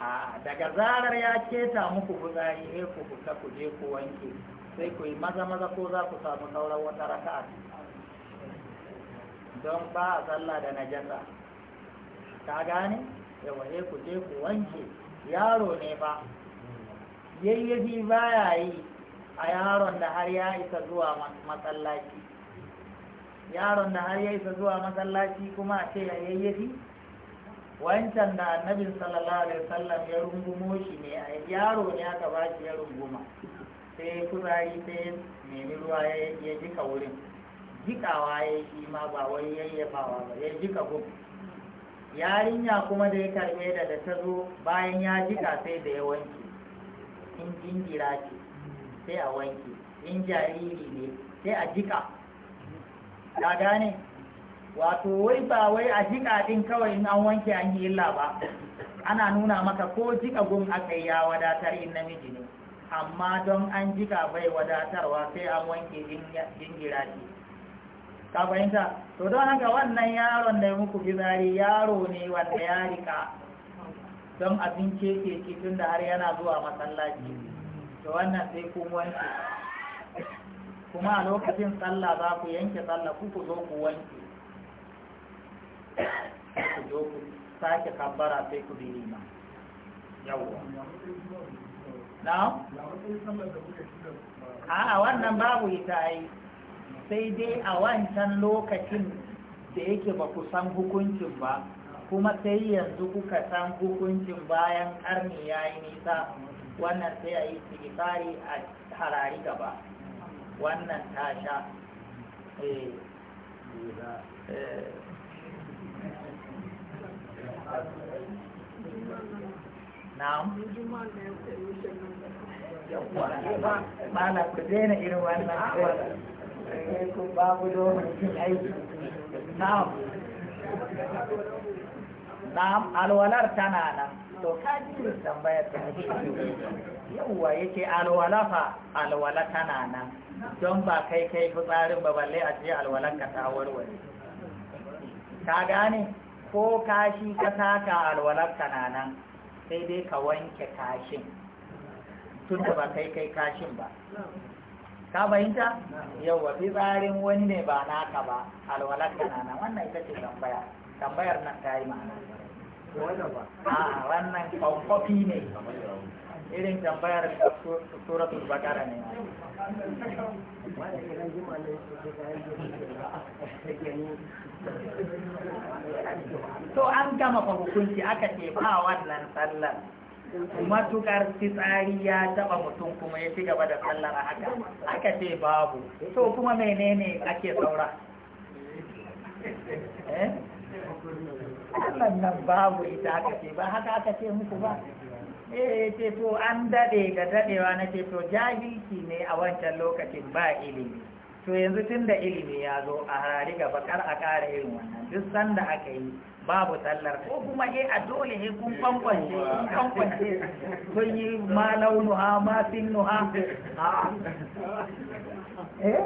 a daga zarar ya keta muku fitsari sai ku fita ku je ku wanke sai ku yi maza maza ko za ku samu sauran wata raka'a don ba a sallah da na jasa Ta gane da waje ku je ku wanke yaro ne ba yayyafi ba ya yi a yaron da har ya isa zuwa masallaci yaron da har ya isa zuwa masallaci kuma a ce yayyafi wancan da annabin sallallahu alaihi wasallam ya rungumo shi ne yaro ne aka ba shi ya runguma sai kuzari sai ya nemi ruwa ya jika wurin jikawa ya shi ma ba wai yayyafawa ba ya jika gum yarinya kuma da ya karbe da da ta zo bayan ya jika sai da ya wanke in jingira ce sai a wanke in jariri ne sai a jika ka gane wato wai ba wai a jiƙa ɗin kawai in an wanke an yi illa ba ana nuna maka ko jiƙa gun aka ya wadatar in namiji ne amma don an jiƙa bai wadatarwa sai an wanke in giraki ka fahimta to don haka wannan yaron da ya muku fitsari yaro ne wanda ya rika don abin keke cikin da har yana zuwa masallaci to wannan sai kun wanke kuma a lokacin sallah za ku yanke sallah ku ku zo ku wanke sake kabbara sai ku bi ma yawwa a wannan babu ita yi sai dai a wancan lokacin da yake ba ku san hukuncin ba kuma sai yanzu kuka san hukuncin bayan karni ya yi nisa wannan sai a yi tsari a harari gaba wannan tasha eh, eh. na'am ba ku irin wannan eh, ku aiki na'am alwalar tana nan to ka ji tambayar ta wa yake alwala fa alwala tana nan don ba kai kai tsarin ba balle a ce alwalan ka ta warware ka gane ko kashi ka taka alwalar kananan sai dai ka wanke kashin tun da ba kai kai kashin ba ka bayinta fi tsarin wani ne ba naka ba alwalar kananan wannan ita ce tambaya tambayar nan ta yi ma'ana a wannan kwamfafi ne irin tambayar suratul bakara ne to an gama fa hukunci aka ce ba wannan sallar matukar fitsari ya taba mutum kuma ya ci gaba da sallar a haka aka ce babu to kuma menene ake saura eh? sallar nan babu ita aka ce ba haka aka ce muku ba eh ce to an dade ga dadewa na ce to jahilci ne a wancan lokacin ba ilimi to yanzu tun da ilimi ya zo a harari gaba kar a ƙara irin wannan duk sanda aka yi babu tallar ko kuma he a dole he kun kwankwance kun kwankwance kun yi ma launu ha ma sinu ha a eh?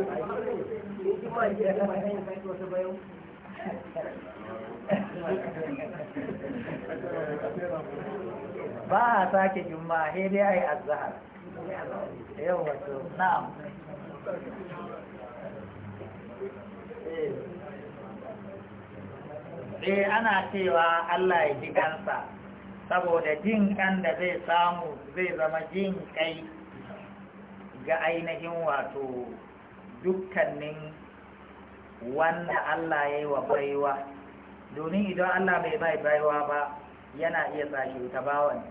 ba a sake juma'a he dai a yi azhar yau wato na'am eh eh ana cewa Allah ya ji kansa saboda jin kan da zai samu zai zama jin kai ga ainihin wato dukkanin wanda Allah ya yi wa baiwa domin idan Allah bai bai baiwa ba yana iya sashi ta bawan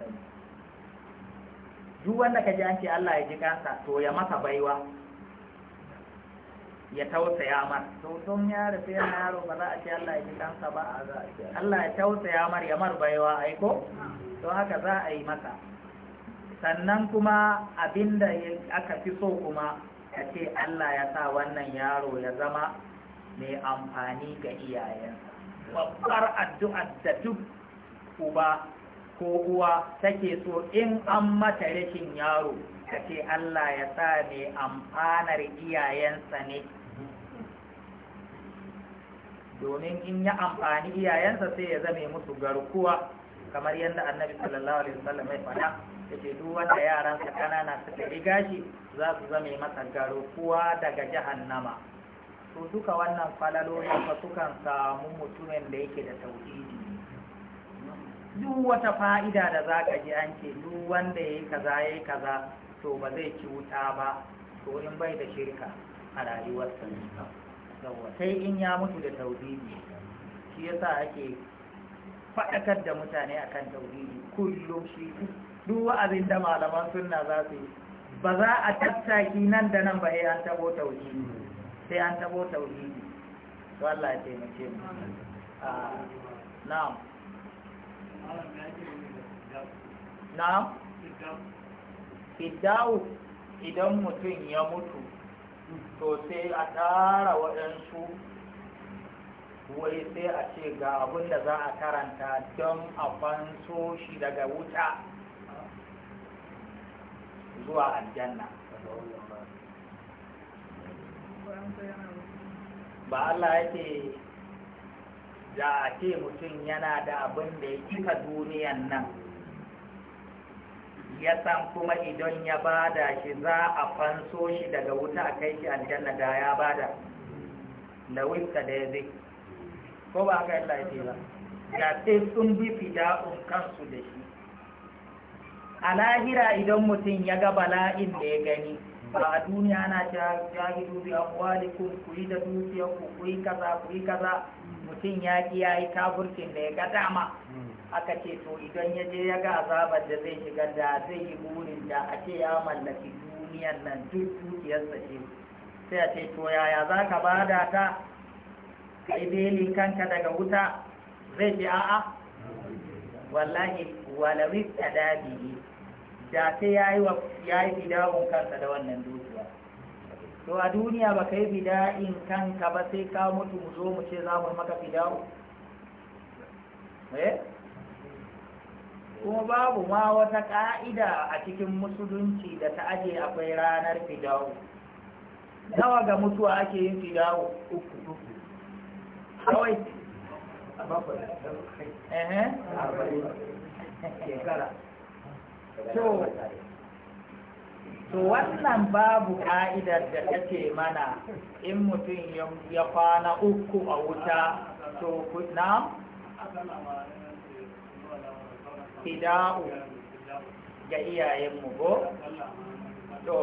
duk wanda ka ji an ce Allah ya ji kansa to ya masa baiwa ya tausaya mar sun ya rufe yana yaro ba za a ce Allah ya ji kansa ba a za a ce Allah ya tausaya mar ya mar baiwa aiko don haka za a yi masa sannan kuma abinda aka fi so kuma ka ce Allah ya sa wannan yaro ya zama mai amfani ga iyayensa babbar addu'ar da duk uba ko uwa take so in an mata rashin yaro ka ce Allah ya sa mai amfanar iyayensa ne domin in ya amfani iyayensa sai ya zame musu garkuwa kamar yadda annabi sallallahu alaihi wasallam ya faɗa yake duk wanda yaransa kanana suka riga shi za su zame masa garkuwa daga jahannama to duka wannan falalolin fa sukan samu mutumin da yake da tauhidi duk wata fa'ida da za ka ji an ce duk wanda ya yi kaza ya kaza to ba zai ci wuta ba to in bai da shirka a rayuwarsa sai in ya mutu da tauhidi shi yasa ake faɗakar da mutane akan tauhidi kullum shi duk wa'azin da malaman sunna za su yi ba za a tattaki nan da nan ba sai an tabo tauhidi sai an tabo tauhidi to Allah ya taimake mu ah, na'am na'am idan mutum ya mutu to sai a tara waɗansu wai sai a ce ga abin da za a karanta don a fanso shi daga wuta zuwa aljanna ba Allah yake da a ce mutum yana da abin da ya cika duniyan nan ya san kuma idan ya bada shi za a fanso shi daga wuta a kai shi aljanna da ya bada da wuta da ya zai ko ba haka yalla ya ce ba ga sai sun bi un kansu da shi a lahira idan mutum ya ga bala'in da ya gani ba a duniya na jahidu bi amwalikum ku yi da dutse ku yi kaza ku yi kaza mutum ya ki ya yi da ya ga dama hmm. aka ce to idan ya je ya ga azabar da zai shiga da zai yi burin da a ce ya mallaki duniyar nan duk dukiyarsa ce sai a ce to yaya za ka ba da ta ka yi belin kanka daga wuta zai ce a'a wallahi walawi tsadabi da sai ya yi wa ya kansa da wannan dukiya to a duniya ba ka yi bida'in kanka ba sai ka mutu mu zo mu ce za mu maka fi eh kuma babu ma wata ƙa'ida a cikin musulunci da ta aje akwai ranar fidawo nawa ga mutuwa ake yin fidawo uku kawai to wannan babu ka'idar da take mana in mutum ya kwana uku a wuta to na fida'u ga iyayenmu ko? to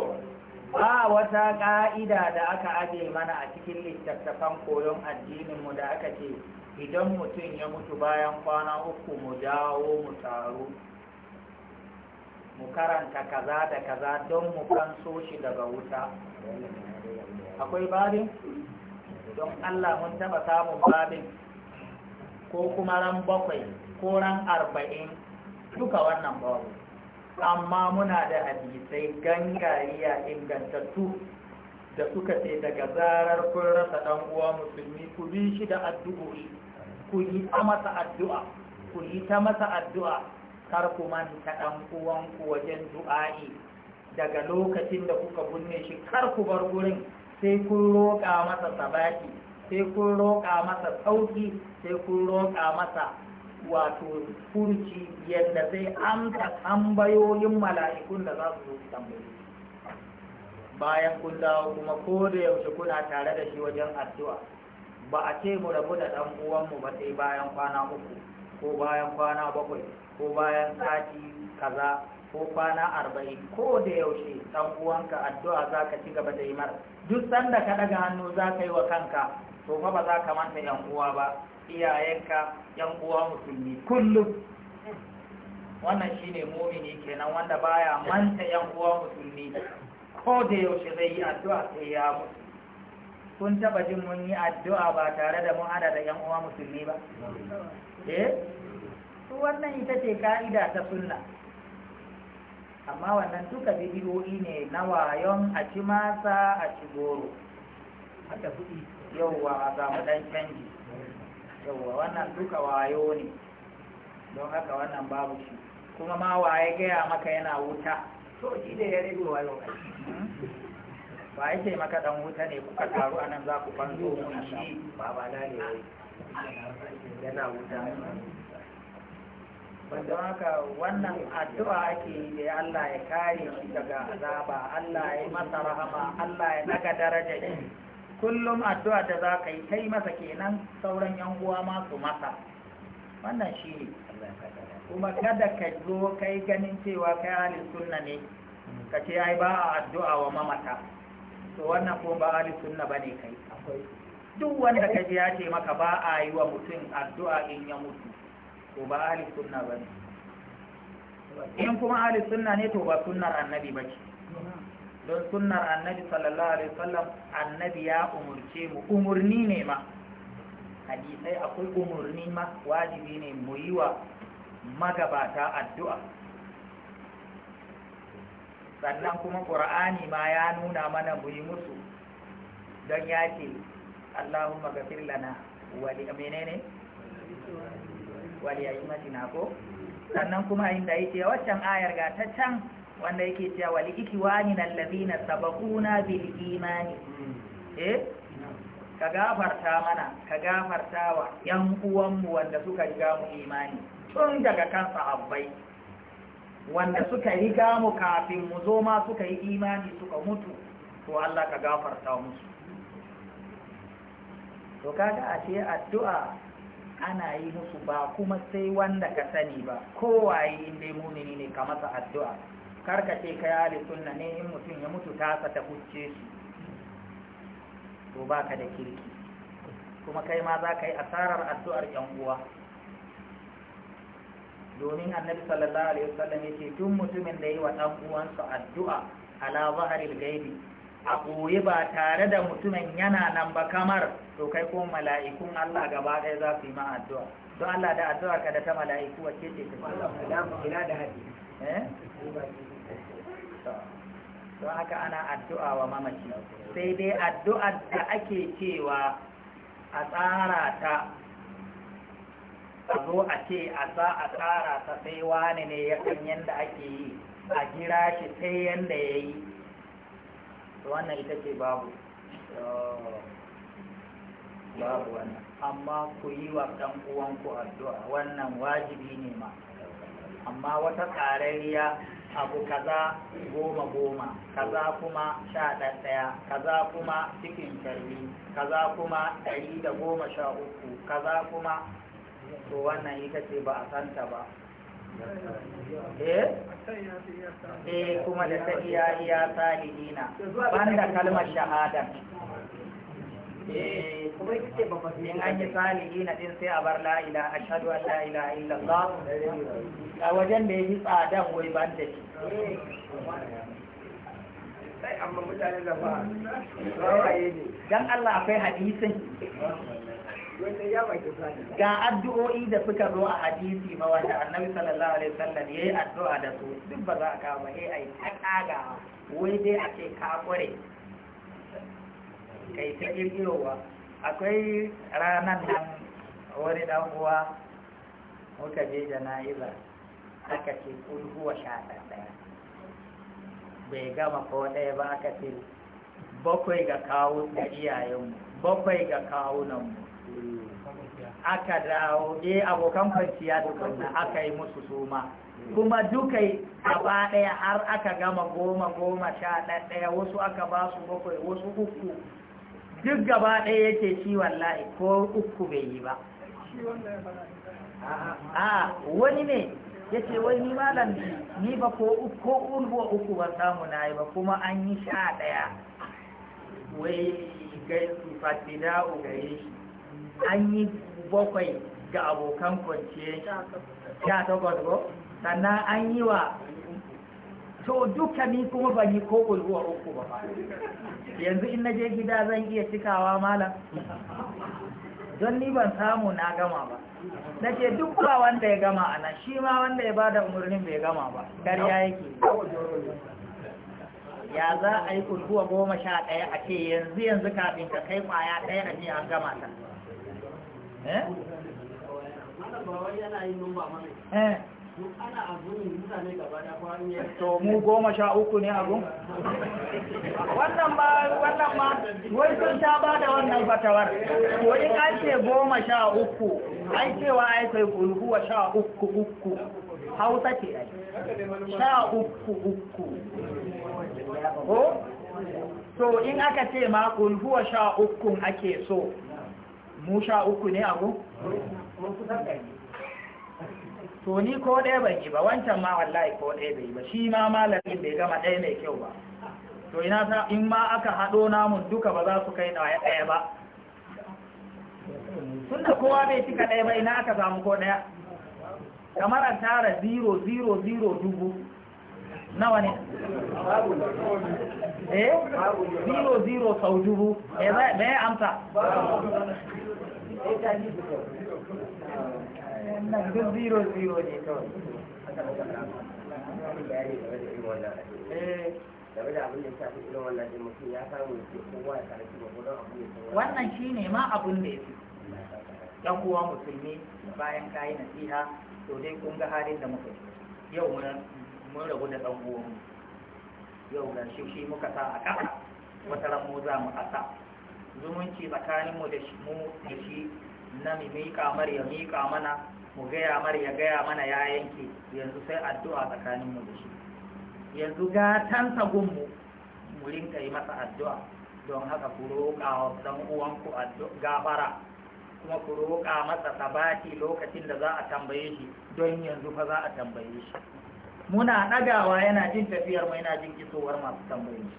ba wata ƙa'ida da aka aje mana a cikin littattafan koyon addininmu da aka ce idan mutum ya mutu bayan kwana uku mu dawo mu taru mu karanta kaza da kaza don mu so shi daga wuta akwai babin don allah mun taɓa samun babin ko kuma ran bakwai ko ran arba'in duka wannan babu amma muna da hadisai gangariya ingantattu da suka ce daga zarar kun rasa ɗan uwa musulmi ku bi shi da addu'o'i ku yi ta addu'a ku yi ta masa addu'a kar ku manta ɗan uwanku wajen du'a'i daga lokacin da kuka bunne shi kar ku bar gurin sai kun roƙa masa sabaki sai kun roƙa masa sauki sai kun roƙa masa wato furci yadda zai amsa tambayoyin mala'ikun da za su zo tambayi bayan kun dawo kuma ko da yaushe kuna tare da shi wajen addu'a ba a ce mu rabu da ɗan uwanmu ba sai bayan kwana uku ko bayan kwana bakwai ko bayan sati kaza ko kwana arba'in ko da yaushe ɗan uwanka addu'a za ka ci gaba da yi mara duk sanda ka ɗaga hannu za ka yi wa kanka to fa ba za ka manta yan uwa ba iyayenka yan uwa musulmi kullum wannan shine mumini kenan wanda baya manta yan uwa musulmi ko da yaushe zai yi addu'a sai ya mutu kun taba jin mun yi addu'a ba tare da mun hada da yan uwa musulmi ba eh to wannan ita ce ka'ida ta sunna amma wannan duka bidiyoyi ne na wayon a ci masa a ci goro haka kuɗi yauwa a samu ɗan canji yauwa wannan duka wayo ne don haka wannan babu shi kuma ma waye gaya maka yana wuta to shi da ya rigo wayo ba ya ce maka dan wuta ne kuka taru a nan za ku fanzo mun shi baba na ne yana wuta wanda haka wannan addu'a ake yi da Allah ya kare shi daga azaba Allah ya masa rahama Allah ya daga darajar shi kullum addu'a da za ka yi kai masa kenan sauran yan uwa ma su masa wannan shi ne kuma kada ka zo kai ganin cewa kai halin sunna ne ka ce ai ba a addu'a wa mamata to wannan ko ba halin sunna ba ne kai duk wanda ka ji ya ce maka ba a yi wa mutum addu'a in ya mutu to ba halin sunna ba ne in kuma halin sunna ne to ba sunnar annabi ba ce don sunnar annabi sallallahu alaihi wasallam annabi ya umurce mu umurni ne ma hadisai akwai umurni ma wajibi ne mu yi wa magabata addu'a sannan kuma ƙura'ani ma ya nuna mana mu yi musu don ya ce allahumma gafir lana wali menene wali ayyuma ko sannan kuma inda yake waccan ayar ga ta can wanda yake cewa wali ikiwani na lalazina sabakuna bil imani eh ka gafarta mana ka gafarta wa yan uwanmu wanda suka riga mu imani tun daga kan sahabbai wanda suka riga mu kafin mu zo ma suka yi imani suka mutu to Allah ka gafarta musu to kaga ashe addu'a ana yi musu ba kuma sai wanda ka sani ba kowaye inda mumini ne ka masa addu'a karkace ka ya sunna ne in mutum ya mutu tasa ta kucce shi to ba ka da kirki kuma kai ma za ka yi asarar addu'ar yan uwa domin annabi sallallahu alaihi wasallam yake tun mutumin da yi wa dan uwansa addu'a ala zaharil gaibi a koyi ba tare da mutumin yana nan ba kamar to kai ko mala'ikun Allah gaba ɗaya za su yi ma addu'a don Allah da addu'ar ka da ta mala'iku wacce ce ta ila da hadisi Eh? don haka ana addu'a wa mamaci sai dai addu'ar da ake cewa a tsara ta a zo a ce a za a tsara ta sai wani ne ya kan yadda ake yi a jira shi sai yadda ya yi wannan ita ce babu babu wannan amma ku yi wa ɗan’uwanku uwanku addu'a wannan wajibi ne ma amma wata ƙarariya abu kaza goma goma kaza kuma sha ɗaya kaza kuma cikin tarbi kaza kuma ɗari da goma sha uku kaza kuma to wannan ita ce ba a santa ba eh, eh kuma da ta iya iya salihina banda kalmar shahadar kuma ita ce babbar in an yi salihi na din sai a bar la'ila ilaha ashhadu an la ilaha illallah a wajen da yi tsadan wai ban da shi sai amma mutane da ba rawaye ne dan Allah akwai hadisin ga addu'o'i da suka zo a hadisi ma wanda annabi sallallahu alaihi wasallam yi addu'a da su duk ba za a kawo ba eh ai ta kaga wai dai ake kakure kai ta kirkirowa akwai ranar nan wani dan uwa muka je jana'iza aka ce kulhuwa sha ɗaya bai gama ko ɗaya ba aka ce bakwai ga kawo da iyayenmu bakwai ga kawunanmu aka dawo e abokan kwanciya tukunna aka yi musu suma kuma dukai gaba ɗaya har aka gama goma goma sha ɗaya wasu aka ba su bakwai wasu uku duk gaba ɗaya yake shi wallahi ko uku bai yi ba a wani ne ya ce wai ni malam ni ba ko urwa uku ba samu na yi ba kuma an yi sha ɗaya wai gai su fatida gare an yi bakwai ga abokan kwanciye sha takwas ko sannan an yi wa to duka ni kuma ban yi ko kulhuwa uku ba yanzu in na je gida zan iya cikawa malam don ni ban samu na gama ba na ce duk ba wanda ya gama a nan shi ma wanda ya bada umarnin bai gama ba ƙarya yake ya za a yi kulhuwa goma sha ɗaya a ce yanzu yanzu kafin ka kai kwaya ɗaya a ce an gama ta eh? eh. to mu goma sha uku ne abun wannan ba wannan ma wai sun ta ba da wannan fatawar Ko in an ce goma sha uku ai cewa ai kai kulhuwa sha uku uku hausa ce ai sha uku uku ko to in aka ce ma kulhuwa sha uku ake so mu sha uku ne abu? mun kusan ɗari to ni ko ɗaya ban yi ba wancan ma wallahi ko ɗaya bai yi ba shi ma malamin bai gama ɗaya mai kyau ba to ina ta in ma aka haɗo namun duka ba za su kai na ɗaya ba tun da kowa bai cika ɗaya ba ina aka samu ko ɗaya kamar an tara zero zero zero dubu nawa ne eh zero zero sau dubu me ya amsa duk zero zero ne kawai eh. wannan shi ne ma abin da ya fi ɗan kowa musulmi bayan kayi nasiha to dai kun ga halin da muka yau mun rabu da ɗan uwa yau ga shi shi muka sa a ƙasa wata ramu za mu ƙasa zumunci tsakaninmu da mu da shi na mimika miƙa mika mana mu gaya mar ya gaya mana ya yanke yanzu sai addu'a tsakaninmu da shi yanzu gatansa gunmu mu rinka yi masa addu'a don haka ku roƙa wa ɗan uwanku gafara kuma ku roƙa masa sabati lokacin da za a tambaye shi don yanzu fa za a tambaye shi muna ɗagawa yana jin tafiyar mu yana jin kisowar masu tambaye shi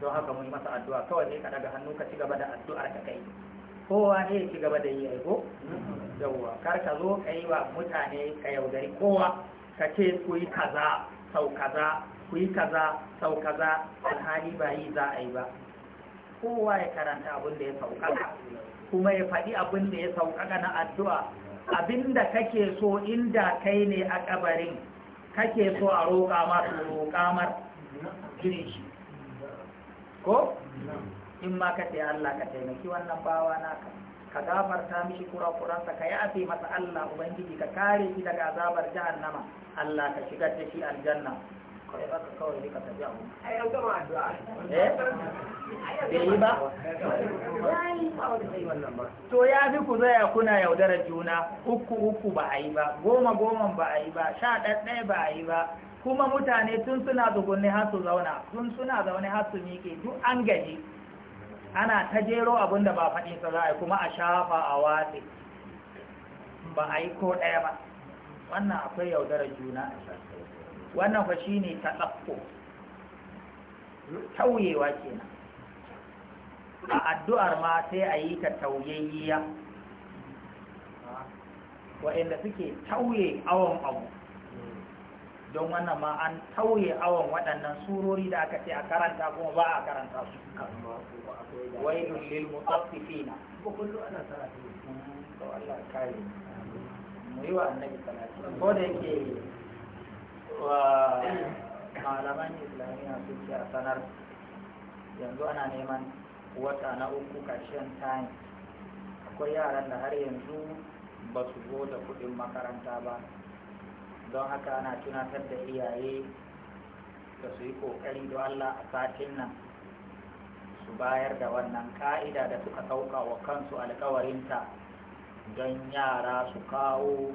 don haka mu yi masa addu'a kawai ne ka daga hannu ka ci gaba da addu'ar ka kai kowa ne ya ci gaba da yi aiko yawwa kar ka zo ka yi wa mutane ka yaudari kowa ka ce ku yi kaza sau kaza ku yi kaza sau kaza alhali ba yi za a yi ba kowa ya karanta abin da ya sauƙaƙa kuma ya faɗi abin da ya sauƙaƙa na addu'a abin da kake so inda kai ne a ƙabarin kake so a roƙa masu roƙamar jirgin shi ko? in ma ka ce Allah ka taimaki wannan bawa naka ka gafarta mishi kurakuransa ka yafe masa Allah ubangiji ka kare shi daga azabar jahannama Allah ka shigar da shi aljanna kawai ka kawai ne ka tafi a ai an eh? yi ba to ya fi ku zaya kuna yaudarar juna uku uku ba a ba goma goman ba a ba sha ɗaɗɗaya ba a yi ba kuma mutane tun suna tsugunni har su zauna tun suna zaune har su miƙe duk an gaji ana ta jero abin da ba faɗinsa za a yi kuma a shafa a watsi ba a yi ko ɗaya ba wannan akwai yaudarar juna a wannan fa shi ne ta ɗafko tauyewa kenan a addu'ar ma sai a yi ta tauyayya wa’inda suke tauye awon abu don wannan ma an tauye awon waɗannan surori da aka ce a karanta kuma ba a karanta su wailun lil mutaffifina ko kullu ana salatu to Allah kai mu yi wa annabi salatu ko da yake wa malaman islamiyya suke a sanar yanzu ana neman wata na uku karshen time akwai yaran da har yanzu ba su zo da kuɗin makaranta ba don haka ana tunatar da iyaye da su yi ƙoƙari don allah a satin nan su bayar da wannan ka'ida da suka sauka wa kansu alkawarinta don yara su kawo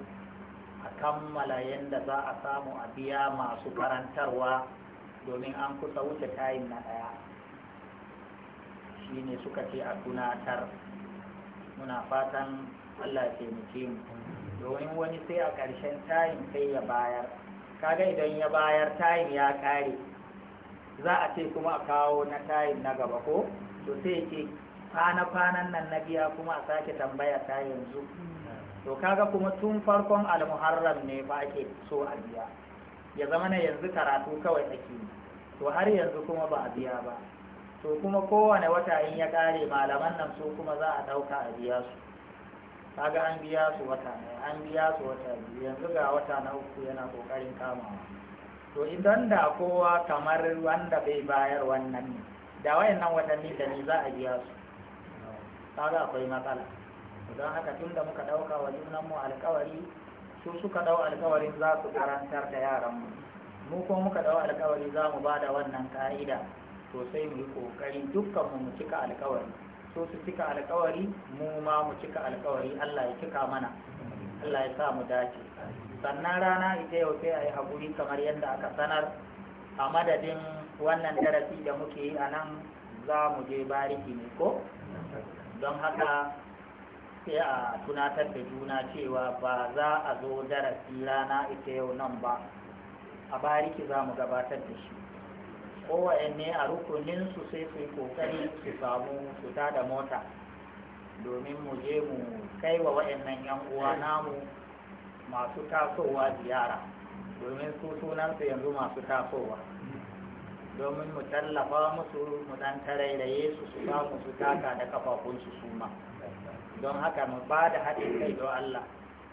a kammala yadda za a samu a biya masu karantarwa domin an kusa wuce tayin na daya shi ne suka ce a tunatar muna fatan allah ya taimake mu domin wani sai a ƙarshen tayin sai ya bayar kaga idan ya bayar tayin ya ƙare za a ce kuma a kawo na tayin na gaba ko to sai ce kwana-kwanan nan na biya kuma a sake tambaya ta yanzu hmm. to kaga kuma tun farkon almuharram ne ba ake so a biya ya zama na yanzu karatu kawai ake to har yanzu kuma ba a biya ba to kuma kowane wata in ya kare malaman nan su kuma za a ɗauka a biya su kaga an biya su wata ne an biya su wata biyu yanzu ga wata na uku yana kokarin kamawa to idan da kowa kamar wanda bai bayar wannan ne da wayannan watanni da ne za a biya su kaga akwai matsala don haka tun da muka ɗauka wa junanmu alkawari su suka ɗau alkawarin za su karantar da yaran mu Mu ko muka ɗau alkawari za mu ba da wannan ka'ida to sai mu yi ƙoƙari dukkanmu mu cika alkawari so su cika alkawari mu ma mu cika alkawari Allah ya cika mana Allah ya sa mu dace sannan rana ita yau sai a yi haƙuri kamar yadda aka sanar a madadin wannan darasi da muke yi a nan za mu je bariki ne ko don haka sai a tunatar da juna cewa ba za a zo darasi rana ita yau nan ba a bariki za mu gabatar da shi ne a rukuninsu sai su yi kokari su samu fita da mota domin mu je mu kai wa waɗannan 'yan uwa namu masu tasowa ziyara domin su sunansu yanzu masu tasowa domin mu tallafa musu mu ɗan tarairaye su su samu su taka da ƙafafunsu su ma don haka mu ba da haɗin kai don Allah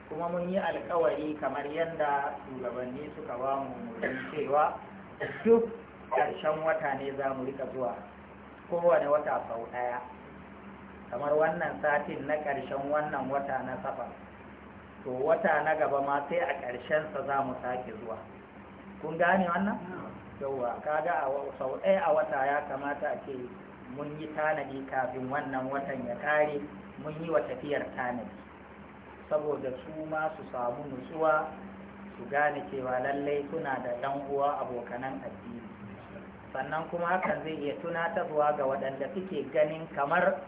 kuma mun yi alkawari kamar yadda shugabanni suka ba mu cewa duk ƙarshen wata ne za mu rika zuwa kowane wata sau ɗaya kamar wannan satin na ƙarshen wannan wata na safar to wata na gaba ma sai a ƙarshensa za mu sake zuwa kun gane wannan yauwa kaga a sau ɗaya a wata ya kamata a ce mun yi tanadi kafin wannan watan ya ƙare mun yi wa tafiyar tanadi saboda su ma su samu nutsuwa su gane cewa lallai suna da ɗan uwa abokanan addini sannan kuma hakan zai iya tunatarwa ga waɗanda suke ganin kamar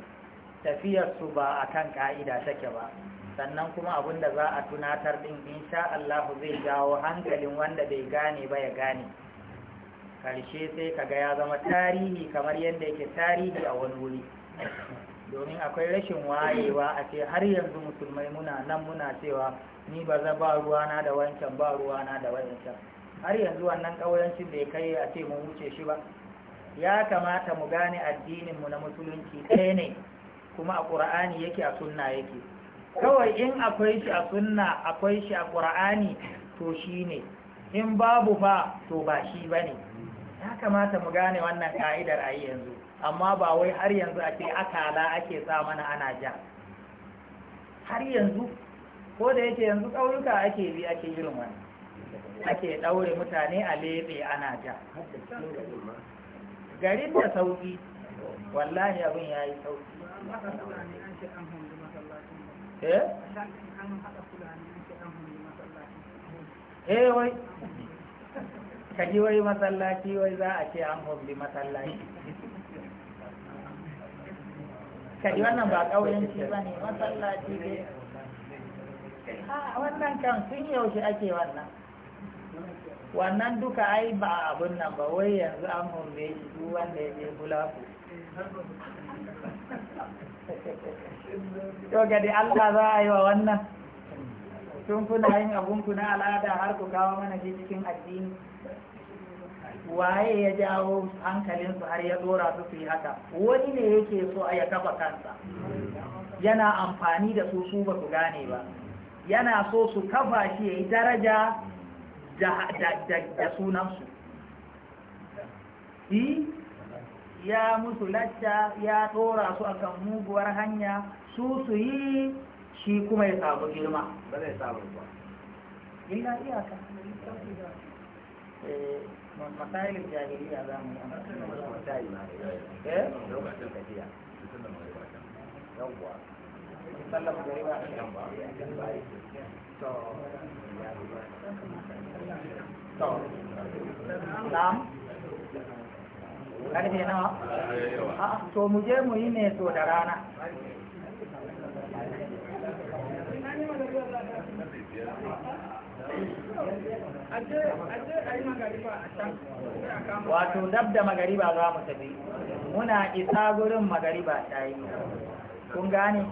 tafiyarsu ba a kan ƙa’ida take ba sannan kuma abin da za a tunatar ɗin insha Allah zai jawo hankalin wanda bai gane ba ya gane ƙarshe sai kaga ya zama tarihi kamar yadda yake tarihi a wani wuri domin akwai rashin wayewa a ce har yanzu musulmai muna nan muna cewa ni ba za ba ruwana da wancan ba ruwana da wancan har yanzu wannan ƙauyancin ya kai a ce mu wuce shi ba ya kamata mu gane addininmu na musulunci ɗaya ne kuma a ƙura'ani yake a sunna yake kawai in akwai shi a sunna akwai shi a ƙura'ani to shi ne in babu ba to ba shi ba ne ya kamata mu gane wannan ka'idar a yanzu amma ba wai har yanzu a ce akala ake sa mana ana ja har yanzu ko da yake yanzu ƙauyuka ake bi ake irin wani ake ɗaure mutane a lebe ana ja garin da sauki wallahi abin ya yi sauki eh? eh wai kaji wai masallaci wai za a ce an hombi masallaci kaji wannan ba ƙauyenci ba ne masallaci ne wannan kan sun yaushe ake wannan wannan duka ai ba abin nan ba wai yanzu an hombe shi duk wanda ya je bulaku to gadi Allah za a yi wa wannan tun kuna yin abinku na al'ada har ku kawo mana shi cikin addini waye ya jawo hankalinsu har ya dora su su yi haka wani ne yake so a ya kafa kansa yana amfani da su su ba su gane ba yana so su kafa shi ya yi daraja da sunansu ya musu lacca ya ɗora su a kan muguwar hanya su su yi shi kuma ya samu girma ba zai samu ba iyaka eh, masailin jahiliya za mu yi na'am karfe nawa a da wato dab da magariba za mu tafi muna isa gurin magariba ta yi kun gane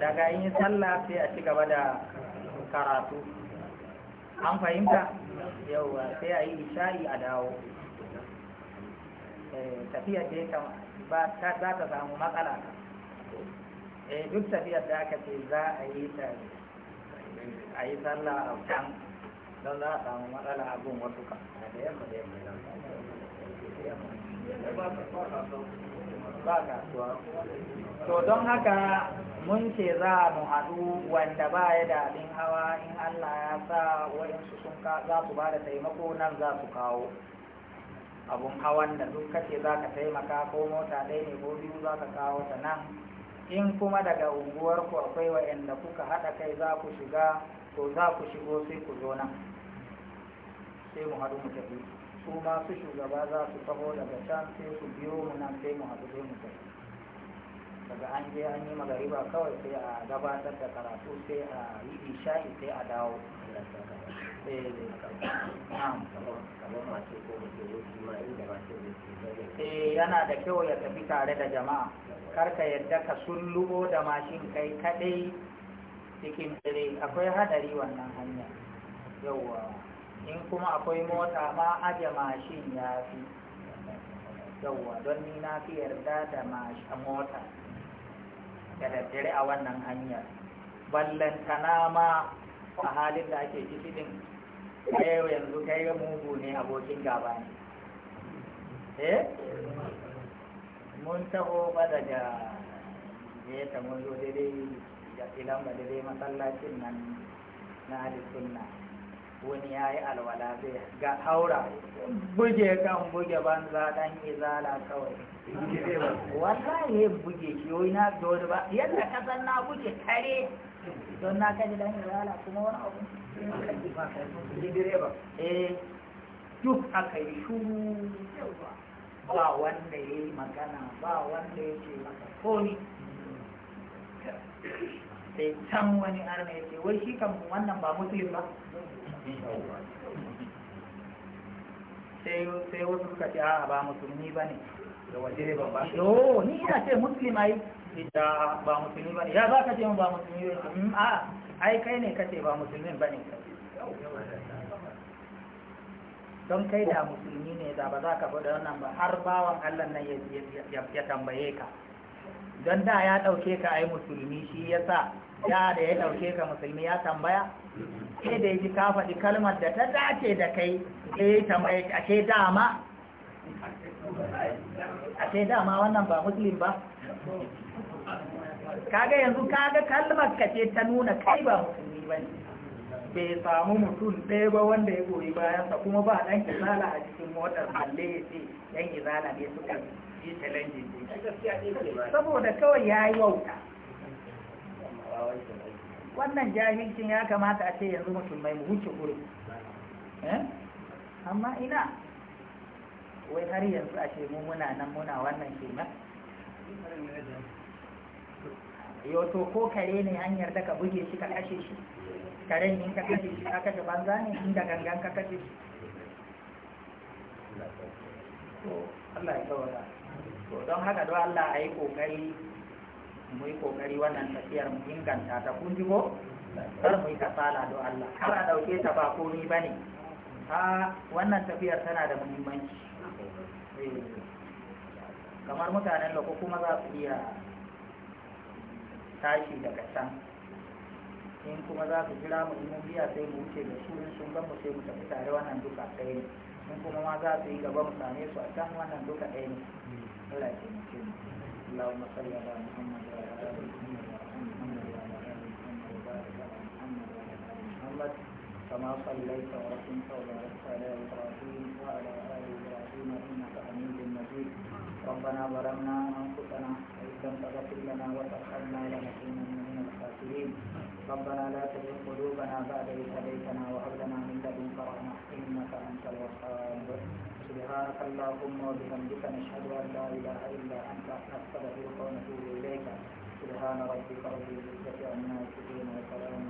daga yin sallah sai a ci gaba da karatu an fahimta yauwa sai a yi isha'i a dawo eh, tafiyar da ya ba ta za ta samu matsala eh duk tafiyar da aka ce za a yi ta a yi sallah a can don za a samu matsala a gun wasu kan da yamma da yamma ba kasuwa to don haka mun ce za mu haɗu wanda ba ya da abin hawa in Allah ya sa waɗansu sun za su ba da taimako nan za su kawo abun hawan da duk kace za ka taimaka ko mota ɗaya ne ko biyu za ka kawo ta nan in kuma daga unguwarku akwai waɗanda kuka haɗa kai za ku shiga to za ku shigo sai ku zo nan sai mu haɗu mu tafi su ma su shugaba za su taho daga can sai su biyo mu nan sai mu haɗu mu tafi daga an je an yi magariba kawai sai a gabatar da karatu sai a yi isha'i sai a dawo eh, eh, yana da kyau ya tafi tare da jama'a karka yadda ka sullubo da mashin kai kadai cikin dare akwai hadari wannan hanya yauwa in kuma akwai mota ma aje mashin ya fi yauwa don ni na fi yarda da mota da daddare a wannan hanyar ballantana ma a halin da ake ciki din yanzu kai mugu ne abokin gaba ne eh mun taho ba daga ne ta mun zo daidai da filan ba daidai masallacin nan na halittun nan wani ya yi alwala zai ga haura buge kan buge banza dan izala kawai wallahi ya buge shi yi na dole ba yadda kasan na buge kare don na kaji dan izala kuma wani abu eh duk aka yi shuru ba wanda ya yi magana ba wanda ya ce maka komi sai can wani arna ya ce wai shi kan wannan ba musulun ba sai wasu suka ce a ba musulmi ba ne da waje ban ba yo ni ina ce muslima yi da ba musulmi ba ne ya za ka ce ba musulmi ba ne mm, a ai kai ne kace ba musulmin ba ne don kai da musulmi ne da ba za ka faɗa wannan ba har bawan allah nan ya tambaye ka don da ya ɗauke ka a yi musulmi shi ya sa da da ya ɗauke ka musulmi ya tambaya ke da ya ji ka faɗi kalmar da ta dace da kai ke yi tambaya a ce dama a ce dama wannan ba musulmi ba kaga yanzu kaga kalmar ka ce ta nuna kai ba musulmi ba ne bai samu mutum ɗaya ba wanda ya goyi bayansa kuma ba ɗan kisala a cikin motar balle ya ce ɗan izala ne suka saboda kawai ya yi wauta wannan jahilcin ya kamata a ce yanzu mutum mai wuce guri eh? amma ina wai har yanzu a ce mu muna nan muna wannan kenan yoto ko kare ne hanyar da ka buge shi ka kashe shi kare ne ka kashe shi ka kashe banza ne inda gangan ka kashe shi Allah ya kawo to don haka don Allah a yi ƙoƙari mu yi ƙoƙari wannan tafiyar mu inganta ta kun ji ko kar mu yi kasala don Allah kar a ɗauke ta ba komi ba ne a wannan tafiyar tana da muhimmanci kamar mutanen da kuma za su iya tashi daga can in kuma za su jira mu mun biya sai mu wuce da su in sun mu sai mu tafi tare wannan duka ɗaya ne in kuma ma za su yi gaba mu same su a can wannan duka ɗaya ne اللهم صل على محمد وعلى ال محمد وعلى محمد وعلى ال محمد وبارك على محمد وعلى ال محمد كما صليت ورحمت وباركت على ابراهيم وعلى ال ابراهيم انك حميد مجيد ربنا ظلمنا انفسنا وان لم تغفر لنا وترحمنا لنكونن من الخاسرين ربنا لا تزغ قلوبنا بعد اذ هديتنا وهب لنا من لدنك رحمه انك انت الوهاب سبحانك اللهم وبحمدك نشهد أن لا إله إلا أنت نستغفرك ونتوب إليك سبحان ربك رب العزة عما يصفون وسلام